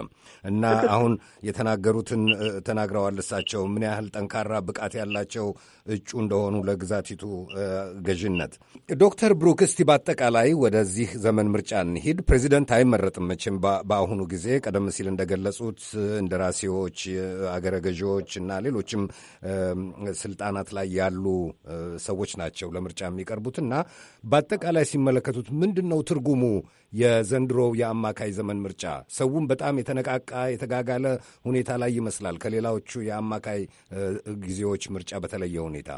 እና አሁን የተናገሩትን ተናግረዋል። እሳቸው ምን ያህል ጠንካራ ብቃት ያላቸው እጩ እንደሆኑ ለግዛቲቱ ገዥነት። ዶክተር ብሩክ እስቲ በአጠቃላይ ወደዚህ ዘመን ምርጫ እንሂድ። ፕሬዚደንት አይመረጥም መቼም በአሁኑ ጊዜ ቀደም ሲል እንደገለጹት እንደራሴዎች፣ አገረ ገዢዎች እና ሌሎችም ስልጣናት ላይ ያሉ ሰዎች ናቸው ለምርጫ የሚቀርቡት እና በአጠቃላይ ሲመለከቱት ምንድን ነው ትርጉሙ የዘንድሮው የአማካይ ዘመን ምርጫ? ሰውም በጣም የተነቃቃ የተጋጋለ ሁኔታ ላይ ይመስላል ከሌላዎቹ የአማካይ ጊዜዎች ምርጫ በተለየ ሁኔታ።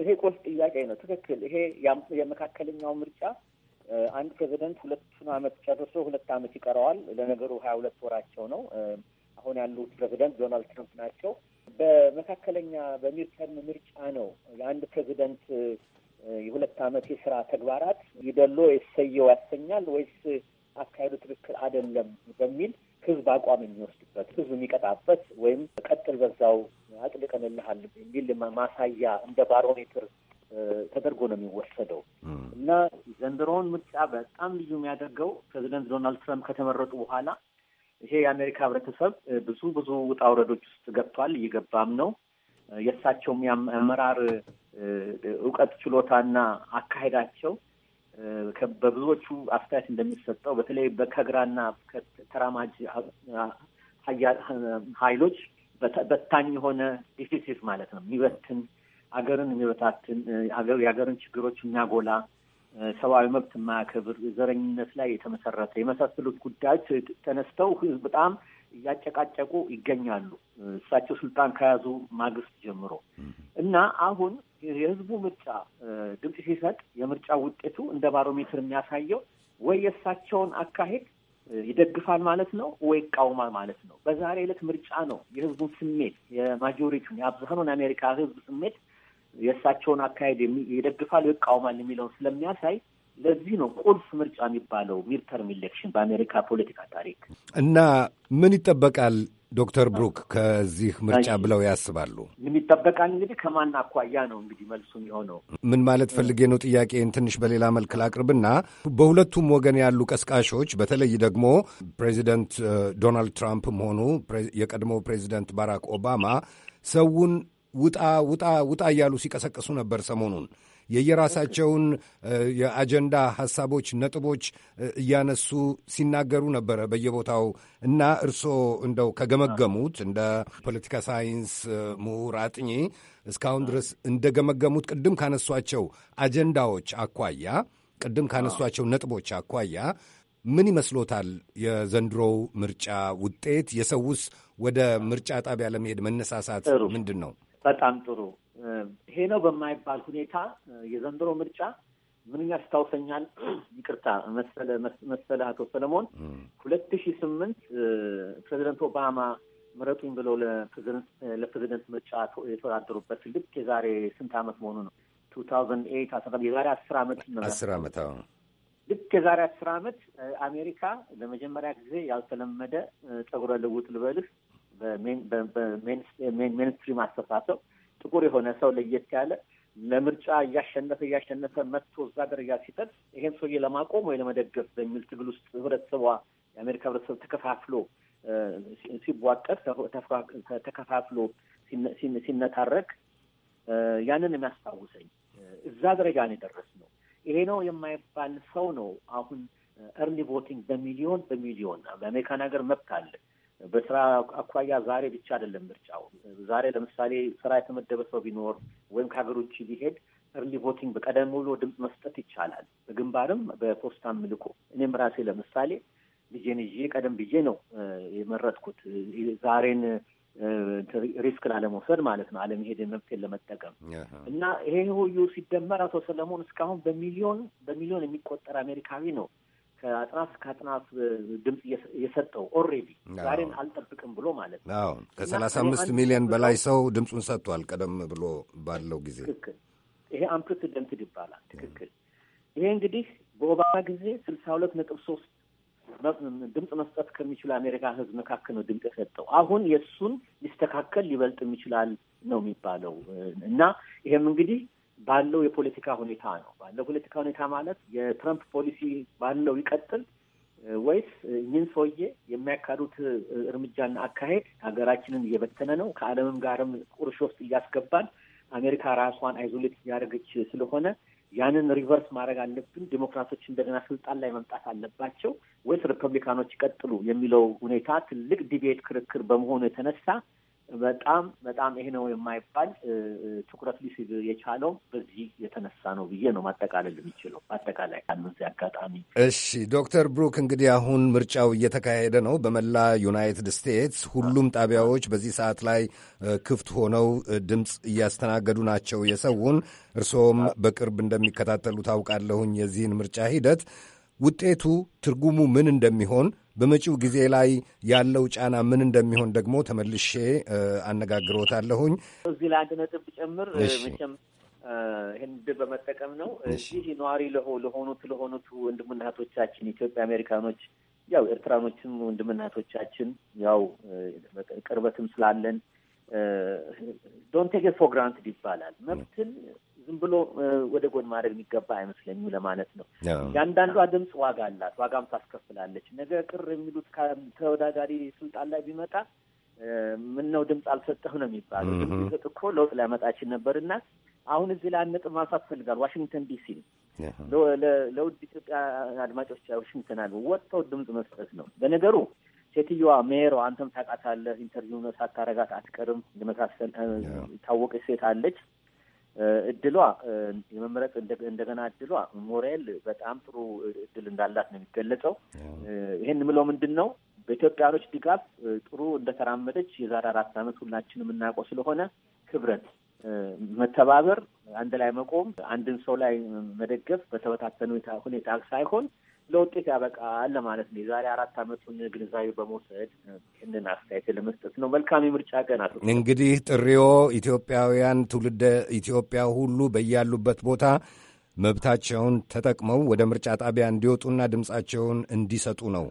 ይሄ ቁልፍ ጥያቄ ነው። ትክክል። ይሄ የመካከለኛው ምርጫ አንድ ፕሬዚደንት ሁለቱን አመት ጨርሶ ሁለት አመት ይቀረዋል። ለነገሩ ሀያ ሁለት ወራቸው ነው። አሁን ያሉት ፕሬዚደንት ዶናልድ ትራምፕ ናቸው። በመካከለኛ በሚርተርም ምርጫ ነው የአንድ ፕሬዚደንት የሁለት አመት የስራ ተግባራት ይደሎ የሰየው ያሰኛል ወይስ አካሄዱ ትክክል አይደለም በሚል ህዝብ አቋም የሚወስድበት ህዝብ የሚቀጣበት ወይም ቀጥል በዛው አጥልቀንልሃል የሚል ማሳያ እንደ ባሮሜትር ተደርጎ ነው የሚወሰደው። የዘንድሮውን ምርጫ በጣም ልዩ የሚያደርገው ፕሬዚደንት ዶናልድ ትራምፕ ከተመረጡ በኋላ ይሄ የአሜሪካ ህብረተሰብ ብዙ ብዙ ውጣ ውረዶች ውስጥ ገብቷል፣ እየገባም ነው። የእሳቸውም የአመራር እውቀት ችሎታና አካሄዳቸው በብዙዎቹ አስተያየት እንደሚሰጠው በተለይ በከግራና ከተራማጅ ኃይሎች በታኝ የሆነ ዲፊሲት ማለት ነው የሚበትን አገርን የሚበታትን የሀገርን ችግሮች የሚያጎላ ሰብአዊ መብት የማያከብር ዘረኝነት ላይ የተመሰረተ የመሳሰሉት ጉዳዮች ተነስተው ህዝብ በጣም እያጨቃጨቁ ይገኛሉ። እሳቸው ስልጣን ከያዙ ማግስት ጀምሮ እና አሁን የህዝቡ ምርጫ ድምፅ ሲሰጥ የምርጫ ውጤቱ እንደ ባሮሜትር የሚያሳየው ወይ የእሳቸውን አካሄድ ይደግፋል ማለት ነው ወይ ይቃውማል ማለት ነው። በዛሬ ዕለት ምርጫ ነው የህዝቡን ስሜት የማጆሪቲውን የአብዛኑን አሜሪካ ህዝብ ስሜት የእሳቸውን አካሄድ ይደግፋል፣ ይቃውማል የሚለውን ስለሚያሳይ ለዚህ ነው ቁልፍ ምርጫ የሚባለው ሚድተርም ኢሌክሽን በአሜሪካ ፖለቲካ ታሪክ። እና ምን ይጠበቃል ዶክተር ብሩክ ከዚህ ምርጫ ብለው ያስባሉ? ምን ይጠበቃል እንግዲህ ከማን አኳያ ነው እንግዲህ መልሱ የሚሆነው። ምን ማለት ፈልጌ ነው ጥያቄን ትንሽ በሌላ መልክ ላቅርብና በሁለቱም ወገን ያሉ ቀስቃሾች በተለይ ደግሞ ፕሬዚደንት ዶናልድ ትራምፕም ሆኑ የቀድሞ ፕሬዚደንት ባራክ ኦባማ ሰውን ውጣ ውጣ ውጣ እያሉ ሲቀሰቅሱ ነበር ሰሞኑን የየራሳቸውን የአጀንዳ ሀሳቦች፣ ነጥቦች እያነሱ ሲናገሩ ነበረ በየቦታው እና እርስዎ እንደው ከገመገሙት እንደ ፖለቲካ ሳይንስ ምሁር አጥኚ እስካሁን ድረስ እንደገመገሙት ቅድም ካነሷቸው አጀንዳዎች አኳያ፣ ቅድም ካነሷቸው ነጥቦች አኳያ ምን ይመስሎታል የዘንድሮው ምርጫ ውጤት? የሰውስ ወደ ምርጫ ጣቢያ ለመሄድ መነሳሳት ምንድን ነው? በጣም ጥሩ። ይሄ ነው በማይባል ሁኔታ የዘንድሮ ምርጫ ምንኛ ያስታውሰኛል። ይቅርታ መሰለ አቶ ሰለሞን ሁለት ሺ ስምንት ፕሬዚደንት ኦባማ ምረጡኝ ብለው ለፕሬዚደንት ምርጫ የተወዳደሩበት ልክ የዛሬ ስንት ዓመት መሆኑ ነው? ቱ ታውዘንድ ኤይት የዛሬ አስር ዓመት አስር ዓመት ልክ የዛሬ አስር ዓመት አሜሪካ ለመጀመሪያ ጊዜ ያልተለመደ ጸጉረ ልውጥ ልበልህ በሜንስትሪም አስተሳሰብ ጥቁር የሆነ ሰው ለየት ያለ ለምርጫ እያሸነፈ እያሸነፈ መጥቶ እዛ ደረጃ ሲደርስ ይሄን ሰውዬ ለማቆም ወይ ለመደገፍ በሚል ትግል ውስጥ ህብረተሰቧ የአሜሪካ ህብረተሰብ ተከፋፍሎ ሲቧቀር ተከፋፍሎ ሲነታረክ ያንን የሚያስታውሰኝ እዛ ደረጃ ነው የደረስነው። ይሄ ነው የማይባል ሰው ነው። አሁን እርሊ ቮቲንግ በሚሊዮን በሚሊዮን በአሜሪካን ሀገር መብት አለ። በስራ አኳያ ዛሬ ብቻ አይደለም ምርጫው። ዛሬ ለምሳሌ ስራ የተመደበ ሰው ቢኖር ወይም ከሀገር ውጭ ቢሄድ እርሊ ቮቲንግ በቀደም ብሎ ድምፅ መስጠት ይቻላል። በግንባርም በፖስታም ልኮ እኔም ራሴ ለምሳሌ ልጄን ይዤ ቀደም ብዬ ነው የመረጥኩት ዛሬን ሪስክ ላለመውሰድ ማለት ነው፣ አለመሄድ መብቴን ለመጠቀም እና ይሄ ሁሉ ሲደመር አቶ ሰለሞን እስካሁን በሚሊዮን በሚሊዮን የሚቆጠር አሜሪካዊ ነው ከአጥናፍ ከአጥናፍ ድምፅ የሰጠው ኦሬዲ ዛሬን አልጠብቅም ብሎ ማለት ነው። ከሰላሳ አምስት ሚሊዮን በላይ ሰው ድምፁን ሰጥቷል። ቀደም ብሎ ባለው ጊዜ ትክክል። ይሄ አንፕሬሲደንትድ ይባላል። ትክክል። ይሄ እንግዲህ በኦባማ ጊዜ ስልሳ ሁለት ነጥብ ሶስት ድምፅ መስጠት ከሚችሉ አሜሪካ ህዝብ መካከል ነው ድምፅ የሰጠው። አሁን የእሱን ሊስተካከል ሊበልጥም ይችላል ነው የሚባለው እና ይሄም እንግዲህ ባለው የፖለቲካ ሁኔታ ነው። ባለው ፖለቲካ ሁኔታ ማለት የትረምፕ ፖሊሲ ባለው ይቀጥል ወይስ እኚህን ሰውዬ የሚያካሂዱት እርምጃና አካሄድ ሀገራችንን እየበተነ ነው፣ ከዓለምም ጋርም ቁርሾ ውስጥ እያስገባል፣ አሜሪካ ራሷን አይዞሌት እያደረገች ስለሆነ ያንን ሪቨርስ ማድረግ አለብን፣ ዲሞክራቶች እንደገና ስልጣን ላይ መምጣት አለባቸው ወይስ ሪፐብሊካኖች ይቀጥሉ የሚለው ሁኔታ ትልቅ ዲቤት ክርክር በመሆኑ የተነሳ በጣም በጣም ይሄ ነው የማይባል ትኩረት ሊስብ የቻለው በዚህ የተነሳ ነው ብዬ ነው ማጠቃለል የሚችለው። አጠቃላይ እዚህ አጋጣሚ እሺ፣ ዶክተር ብሩክ እንግዲህ አሁን ምርጫው እየተካሄደ ነው በመላ ዩናይትድ ስቴትስ። ሁሉም ጣቢያዎች በዚህ ሰዓት ላይ ክፍት ሆነው ድምፅ እያስተናገዱ ናቸው የሰውን። እርስዎም በቅርብ እንደሚከታተሉ ታውቃለሁኝ የዚህን ምርጫ ሂደት ውጤቱ ትርጉሙ ምን እንደሚሆን በመጪው ጊዜ ላይ ያለው ጫና ምን እንደሚሆን ደግሞ ተመልሼ አነጋግሮታለሁኝ። እዚህ ለአንድ ነጥብ ጨምር መቼም ይህን ድር በመጠቀም ነው እዚህ ነዋሪ ለሆ ለሆኑት ለሆኑት ወንድምና እህቶቻችን ኢትዮጵያ አሜሪካኖች ያው ኤርትራኖችም ወንድምና እህቶቻችን ያው ቅርበትም ስላለን ዶንት ቴክ ፎር ግራንትድ ይባላል መብትን ዝም ብሎ ወደ ጎን ማድረግ የሚገባ አይመስለኝም ለማለት ነው። የአንዳንዷ ድምፅ ዋጋ አላት፣ ዋጋም ታስከፍላለች። ነገ ቅር የሚሉት ተወዳዳሪ ስልጣን ላይ ቢመጣ ምን ነው ድምፅ አልሰጠሁ ነው የሚባለው። ድምፅ ይሰጥ እኮ ለውጥ ሊያመጣችን ነበርና አሁን እዚህ ላይ ነጥብ ማንሳት ፈልጋል። ዋሽንግተን ዲሲ ለውድ ኢትዮጵያ አድማጮች ዋሽንግተን አሉ ወጥተው ድምፅ መስጠት ነው። በነገሩ ሴትዮዋ ሜሮ አንተም ታውቃታለህ፣ ኢንተርቪው ሳታረጋት አትቀርም የመሳሰል ታወቀች ሴት አለች። እድሏ የመመረጥ እንደገና እድሏ ሞሬል በጣም ጥሩ እድል እንዳላት ነው የሚገለጸው። ይህን የምለው ምንድን ነው በኢትዮጵያኖች ድጋፍ ጥሩ እንደተራመደች የዛሬ አራት ዓመት ሁላችን የምናውቀው ስለሆነ ክብረት መተባበር፣ አንድ ላይ መቆም፣ አንድን ሰው ላይ መደገፍ በተበታተነ ሁኔታ ሳይሆን ለውጤት ያበቃል ለማለት ነው። የዛሬ አራት ዓመቱን ግንዛቤ በመውሰድ ይህንን አስተያየት ለመስጠት ነው። መልካም የምርጫ ቀን አቶ። እንግዲህ ጥሪዎ ኢትዮጵያውያን፣ ትውልደ ኢትዮጵያ ሁሉ በያሉበት ቦታ መብታቸውን ተጠቅመው ወደ ምርጫ ጣቢያ እንዲወጡና ድምፃቸውን እንዲሰጡ ነው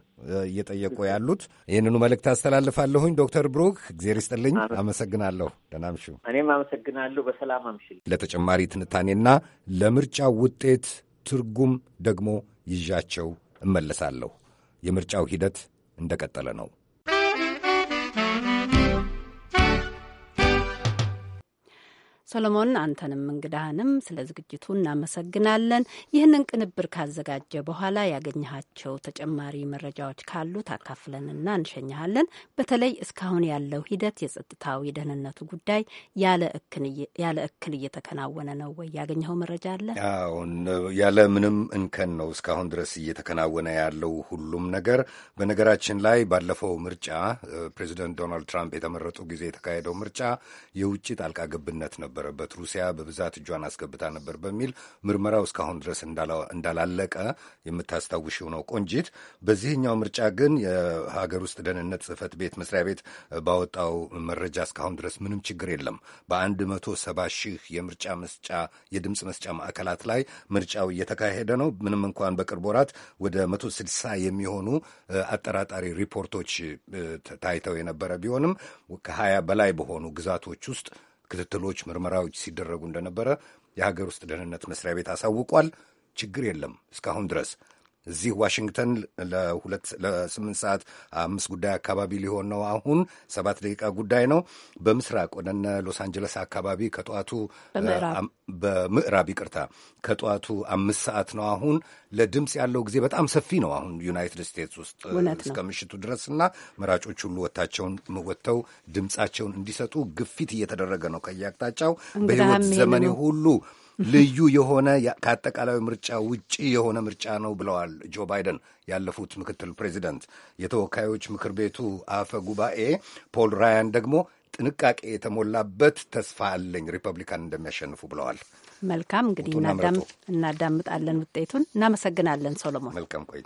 እየጠየቁ ያሉት። ይህንኑ መልእክት አስተላልፋለሁኝ። ዶክተር ብሩክ እግዜር ይስጥልኝ፣ አመሰግናለሁ። ደህና እኔም አመሰግናለሁ። በሰላም አምሽል። ለተጨማሪ ትንታኔና ለምርጫ ውጤት ትርጉም ደግሞ ይዣቸው እመለሳለሁ። የምርጫው ሂደት እንደቀጠለ ነው። ሰሎሞን፣ አንተንም እንግዳህንም ስለ ዝግጅቱ እናመሰግናለን። ይህንን ቅንብር ካዘጋጀ በኋላ ያገኘሃቸው ተጨማሪ መረጃዎች ካሉ ታካፍለንና እንሸኘሃለን። በተለይ እስካሁን ያለው ሂደት የጸጥታው የደህንነቱ ጉዳይ ያለ እክል እየተከናወነ ነው ወይ? ያገኘኸው መረጃ አለ? አሁን ያለ ምንም እንከን ነው እስካሁን ድረስ እየተከናወነ ያለው ሁሉም ነገር። በነገራችን ላይ ባለፈው ምርጫ ፕሬዚደንት ዶናልድ ትራምፕ የተመረጡ ጊዜ የተካሄደው ምርጫ የውጭ ጣልቃ ገብነት ነበር በነበረበት ሩሲያ በብዛት እጇን አስገብታ ነበር በሚል ምርመራው እስካሁን ድረስ እንዳላለቀ የምታስታውሽው ነው ቆንጂት። በዚህኛው ምርጫ ግን የሀገር ውስጥ ደህንነት ጽህፈት ቤት መስሪያ ቤት ባወጣው መረጃ እስካሁን ድረስ ምንም ችግር የለም። በአንድ መቶ ሰባ ሺህ የምርጫ መስጫ የድምፅ መስጫ ማዕከላት ላይ ምርጫው እየተካሄደ ነው። ምንም እንኳን በቅርብ ወራት ወደ መቶ ስልሳ የሚሆኑ አጠራጣሪ ሪፖርቶች ታይተው የነበረ ቢሆንም ከሀያ በላይ በሆኑ ግዛቶች ውስጥ ክትትሎች፣ ምርመራዎች ሲደረጉ እንደነበረ የሀገር ውስጥ ደህንነት መስሪያ ቤት አሳውቋል። ችግር የለም እስካሁን ድረስ እዚህ ዋሽንግተን ለሁለት ለስምንት ሰዓት አምስት ጉዳይ አካባቢ ሊሆን ነው። አሁን ሰባት ደቂቃ ጉዳይ ነው። በምስራቅ ወደነ ሎስ አንጀለስ አካባቢ ከጠዋቱ በምዕራብ ይቅርታ፣ ከጠዋቱ አምስት ሰዓት ነው። አሁን ለድምፅ ያለው ጊዜ በጣም ሰፊ ነው። አሁን ዩናይትድ ስቴትስ ውስጥ እስከ ምሽቱ ድረስና መራጮች ሁሉ ወታቸውን ወጥተው ድምፃቸውን እንዲሰጡ ግፊት እየተደረገ ነው ከየአቅጣጫው በህይወት ዘመኔ ሁሉ ልዩ የሆነ ከአጠቃላዊ ምርጫ ውጪ የሆነ ምርጫ ነው ብለዋል ጆ ባይደን ያለፉት ምክትል ፕሬዚደንት። የተወካዮች ምክር ቤቱ አፈ ጉባኤ ፖል ራያን ደግሞ ጥንቃቄ የተሞላበት ተስፋ አለኝ ሪፐብሊካን እንደሚያሸንፉ ብለዋል። መልካም እንግዲህ እናዳምጣለን ውጤቱን። እናመሰግናለን ሶሎሞን። መልካም ቆይ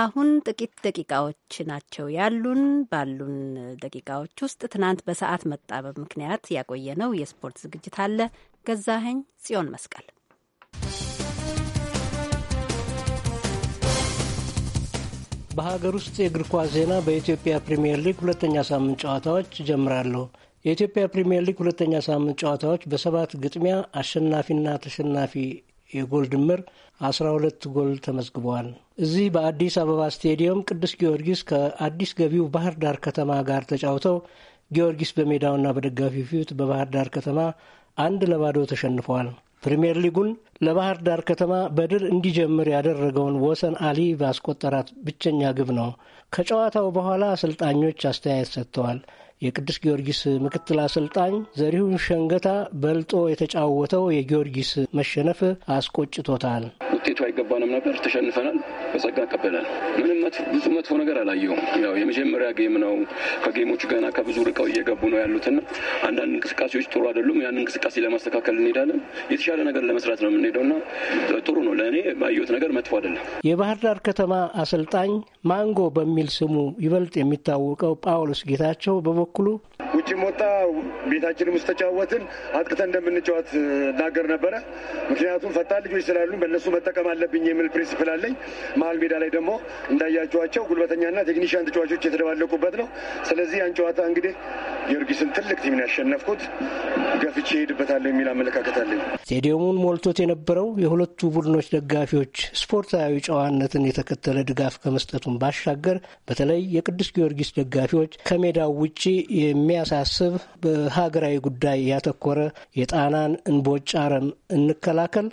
አሁን ጥቂት ደቂቃዎች ናቸው ያሉን። ባሉን ደቂቃዎች ውስጥ ትናንት በሰዓት መጣበብ ምክንያት ያቆየነው የስፖርት ዝግጅት አለ። ገዛኸኝ ጽዮን መስቀል በሀገር ውስጥ የእግር ኳስ ዜና በኢትዮጵያ ፕሪምየር ሊግ ሁለተኛ ሳምንት ጨዋታዎች ጀምራለሁ። የኢትዮጵያ ፕሪምየር ሊግ ሁለተኛ ሳምንት ጨዋታዎች በሰባት ግጥሚያ አሸናፊና ተሸናፊ የጎል ድምር 12 ጎል ተመዝግበዋል። እዚህ በአዲስ አበባ ስቴዲየም ቅዱስ ጊዮርጊስ ከአዲስ ገቢው ባህር ዳር ከተማ ጋር ተጫውተው ጊዮርጊስ በሜዳውና በደጋፊው ፊት በባህር ዳር ከተማ አንድ ለባዶ ተሸንፈዋል። ፕሪምየር ሊጉን ለባህር ዳር ከተማ በድል እንዲጀምር ያደረገውን ወሰን አሊ ባስቆጠራት ብቸኛ ግብ ነው። ከጨዋታው በኋላ አሰልጣኞች አስተያየት ሰጥተዋል። የቅዱስ ጊዮርጊስ ምክትል አሰልጣኝ ዘሪሁን ሸንገታ በልጦ የተጫወተው የጊዮርጊስ መሸነፍ አስቆጭቶታል። ውጤቱ አይገባንም ነበር። ተሸንፈናል። በጸጋ ቀበላል። ምንም ብዙ መጥፎ ነገር አላየውም። ያው የመጀመሪያ ጌም ነው። ከጌሞቹ ገና ከብዙ ርቀው እየገቡ ነው ያሉትና አንዳንድ እንቅስቃሴዎች ጥሩ አይደሉም። ያን እንቅስቃሴ ለማስተካከል እንሄዳለን። የተሻለ ነገር ለመስራት ነው የምንሄደውና ጥሩ ነው። ለእኔ ባየሁት ነገር መጥፎ አይደለም። የባህር ዳር ከተማ አሰልጣኝ ማንጎ በሚል ስሙ ይበልጥ የሚታወቀው ጳውሎስ ጌታቸው በበኩሉ ውጭ ወጣ ቤታችን ውስጥ ተጫወትን አጥቅተን እንደምንጫወት ናገር ነበረ። ምክንያቱም ፈጣን ልጆች ስላሉ በእነሱ መጠቀ መጠቀም አለብኝ የሚል ፕሪንስፕል አለኝ። መሀል ሜዳ ላይ ደግሞ እንዳያቸዋቸው ጉልበተኛና ቴክኒሽያን ተጫዋቾች የተደባለቁበት ነው። ስለዚህ ያን ጨዋታ እንግዲህ ጊዮርጊስን ትልቅ ቲምን ያሸነፍኩት ገፍቼ ሄድበታለሁ የሚል አመለካከት አለኝ። ስቴዲየሙን ሞልቶት የነበረው የሁለቱ ቡድኖች ደጋፊዎች ስፖርታዊ ጨዋነትን የተከተለ ድጋፍ ከመስጠቱን ባሻገር በተለይ የቅዱስ ጊዮርጊስ ደጋፊዎች ከሜዳው ውጪ የሚያሳስብ በሀገራዊ ጉዳይ ያተኮረ የጣናን እንቦጭ አረም እንከላከል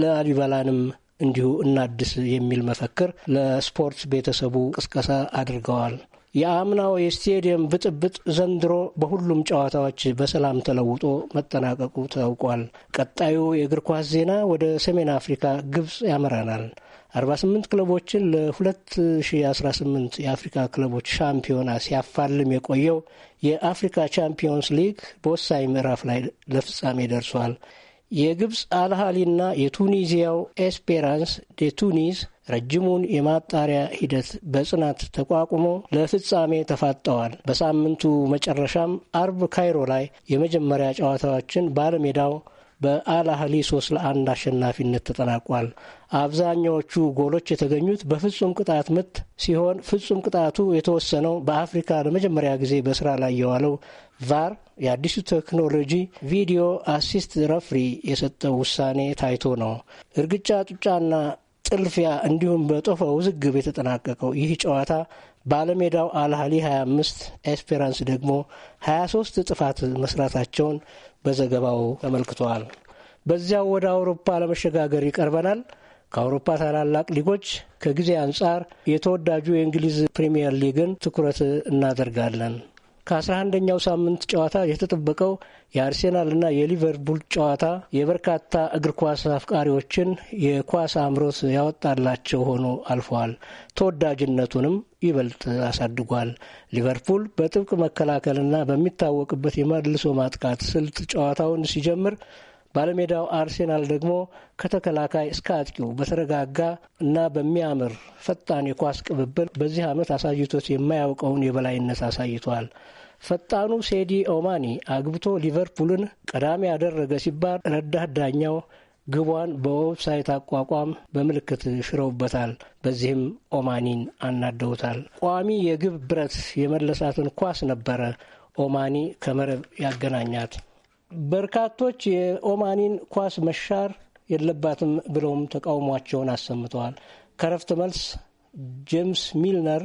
ለአሊበላንም እንዲሁ እናድስ የሚል መፈክር ለስፖርት ቤተሰቡ ቅስቀሳ አድርገዋል። የአምናው የስቴዲየም ብጥብጥ ዘንድሮ በሁሉም ጨዋታዎች በሰላም ተለውጦ መጠናቀቁ ታውቋል። ቀጣዩ የእግር ኳስ ዜና ወደ ሰሜን አፍሪካ ግብፅ ያመራናል። 48 ክለቦችን ለ2018 የአፍሪካ ክለቦች ሻምፒዮና ሲያፋልም የቆየው የአፍሪካ ቻምፒዮንስ ሊግ በወሳኝ ምዕራፍ ላይ ለፍጻሜ ደርሷል። የግብፅ አልሃሊና የቱኒዚያው ኤስፔራንስ ዴ ቱኒስ ረጅሙን የማጣሪያ ሂደት በጽናት ተቋቁሞ ለፍጻሜ ተፋጠዋል። በሳምንቱ መጨረሻም አርብ ካይሮ ላይ የመጀመሪያ ጨዋታዎችን ባለሜዳው በአልአህሊ ሶስት ለአንድ አሸናፊነት ተጠናቋል። አብዛኛዎቹ ጎሎች የተገኙት በፍጹም ቅጣት ምት ሲሆን ፍጹም ቅጣቱ የተወሰነው በአፍሪካ ለመጀመሪያ ጊዜ በስራ ላይ የዋለው ቫር የአዲሱ ቴክኖሎጂ ቪዲዮ አሲስት ረፍሪ የሰጠው ውሳኔ ታይቶ ነው። እርግጫ ጡጫና ጥልፊያ እንዲሁም በጦፈ ውዝግብ የተጠናቀቀው ይህ ጨዋታ ባለሜዳው አልሃሊ 25 ኤስፔራንስ ደግሞ 23 ጥፋት መስራታቸውን በዘገባው ተመልክተዋል። በዚያው ወደ አውሮፓ ለመሸጋገር ይቀርበናል። ከአውሮፓ ታላላቅ ሊጎች ከጊዜ አንጻር የተወዳጁ የእንግሊዝ ፕሪምየር ሊግን ትኩረት እናደርጋለን። ከ11ኛው ሳምንት ጨዋታ የተጠበቀው የአርሴናልና የሊቨርፑል ጨዋታ የበርካታ እግር ኳስ አፍቃሪዎችን የኳስ አእምሮት ያወጣላቸው ሆኖ አልፈዋል። ተወዳጅነቱንም ይበልጥ አሳድጓል። ሊቨርፑል በጥብቅ መከላከልና በሚታወቅበት የመልሶ ማጥቃት ስልት ጨዋታውን ሲጀምር ባለሜዳው አርሴናል ደግሞ ከተከላካይ እስከ አጥቂው በተረጋጋ እና በሚያምር ፈጣን የኳስ ቅብብል በዚህ ዓመት አሳይቶት የማያውቀውን የበላይነት አሳይቷል። ፈጣኑ ሴዲ ኦማኒ አግብቶ ሊቨርፑልን ቀዳሚ ያደረገ ሲባል ረዳት ዳኛው ግቧን ሳይት አቋቋም በምልክት ሽረውበታል። በዚህም ኦማኒን አናደውታል። ቋሚ የግብ ብረት የመለሳትን ኳስ ነበረ ኦማኒ ከመረብ ያገናኛት። በርካቶች የኦማኒን ኳስ መሻር የለባትም ብለውም ተቃውሟቸውን አሰምተዋል። ከረፍት መልስ ጄምስ ሚልነር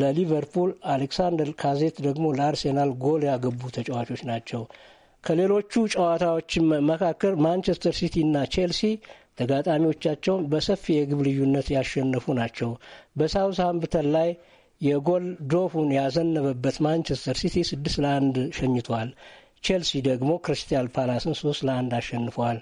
ለሊቨርፑል አሌክሳንደር ካዜት ደግሞ ለአርሴናል ጎል ያገቡ ተጫዋቾች ናቸው። ከሌሎቹ ጨዋታዎች መካከል ማንቸስተር ሲቲ እና ቼልሲ ተጋጣሚዎቻቸውን በሰፊ የግብ ልዩነት ያሸነፉ ናቸው። በሳውስሃምፕተን ላይ የጎል ዶፉን ያዘነበበት ማንቸስተር ሲቲ ስድስት ለአንድ ሸኝቷል። ቼልሲ ደግሞ ክሪስታል ፓላስን ሶስት ለአንድ አሸንፏል።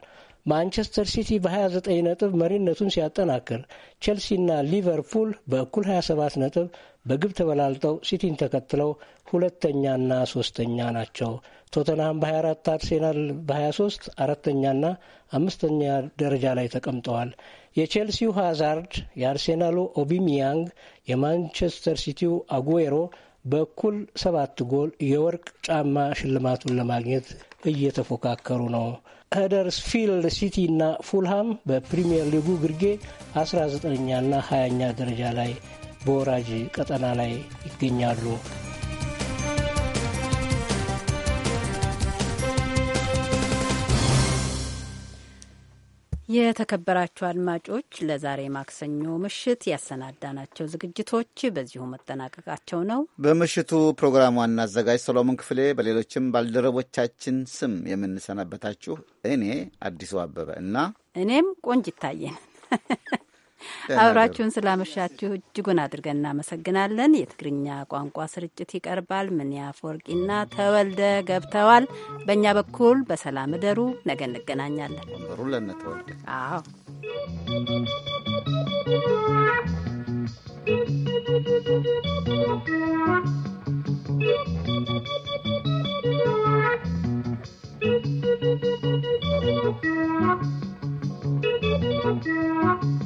ማንቸስተር ሲቲ በ29 ነጥብ መሪነቱን ሲያጠናክር ቼልሲና ሊቨርፑል በእኩል 27 ነጥብ በግብ ተበላልጠው ሲቲን ተከትለው ሁለተኛና ሶስተኛ ናቸው። ቶተንሃም በ24 አርሴናል በ23 አራተኛና አምስተኛ ደረጃ ላይ ተቀምጠዋል። የቼልሲው ሃዛርድ፣ የአርሴናሉ ኦቢሚያንግ፣ የማንቸስተር ሲቲው አጉዌሮ በእኩል ሰባት ጎል የወርቅ ጫማ ሽልማቱን ለማግኘት እየተፎካከሩ ነው። ሀደርስፊልድ ሲቲ እና ፉልሃም በፕሪምየር ሊጉ ግርጌ 19ኛና 20ኛ ደረጃ ላይ በወራጅ ቀጠና ላይ ይገኛሉ። የተከበራችሁ አድማጮች ለዛሬ ማክሰኞ ምሽት ያሰናዳናቸው ዝግጅቶች በዚሁ መጠናቀቃቸው ነው። በምሽቱ ፕሮግራም ዋና አዘጋጅ ሰሎሞን ክፍሌ፣ በሌሎችም ባልደረቦቻችን ስም የምንሰናበታችሁ እኔ አዲሱ አበበ እና እኔም ቆንጅ ይታየን አብራችሁን ስላመሻችሁ እጅጉን አድርገን እናመሰግናለን። የትግርኛ ቋንቋ ስርጭት ይቀርባል። ምንያ ፎርቂና ተወልደ ገብተዋል። በእኛ በኩል በሰላም እደሩ። ነገ እንገናኛለን። አዎ Thank you.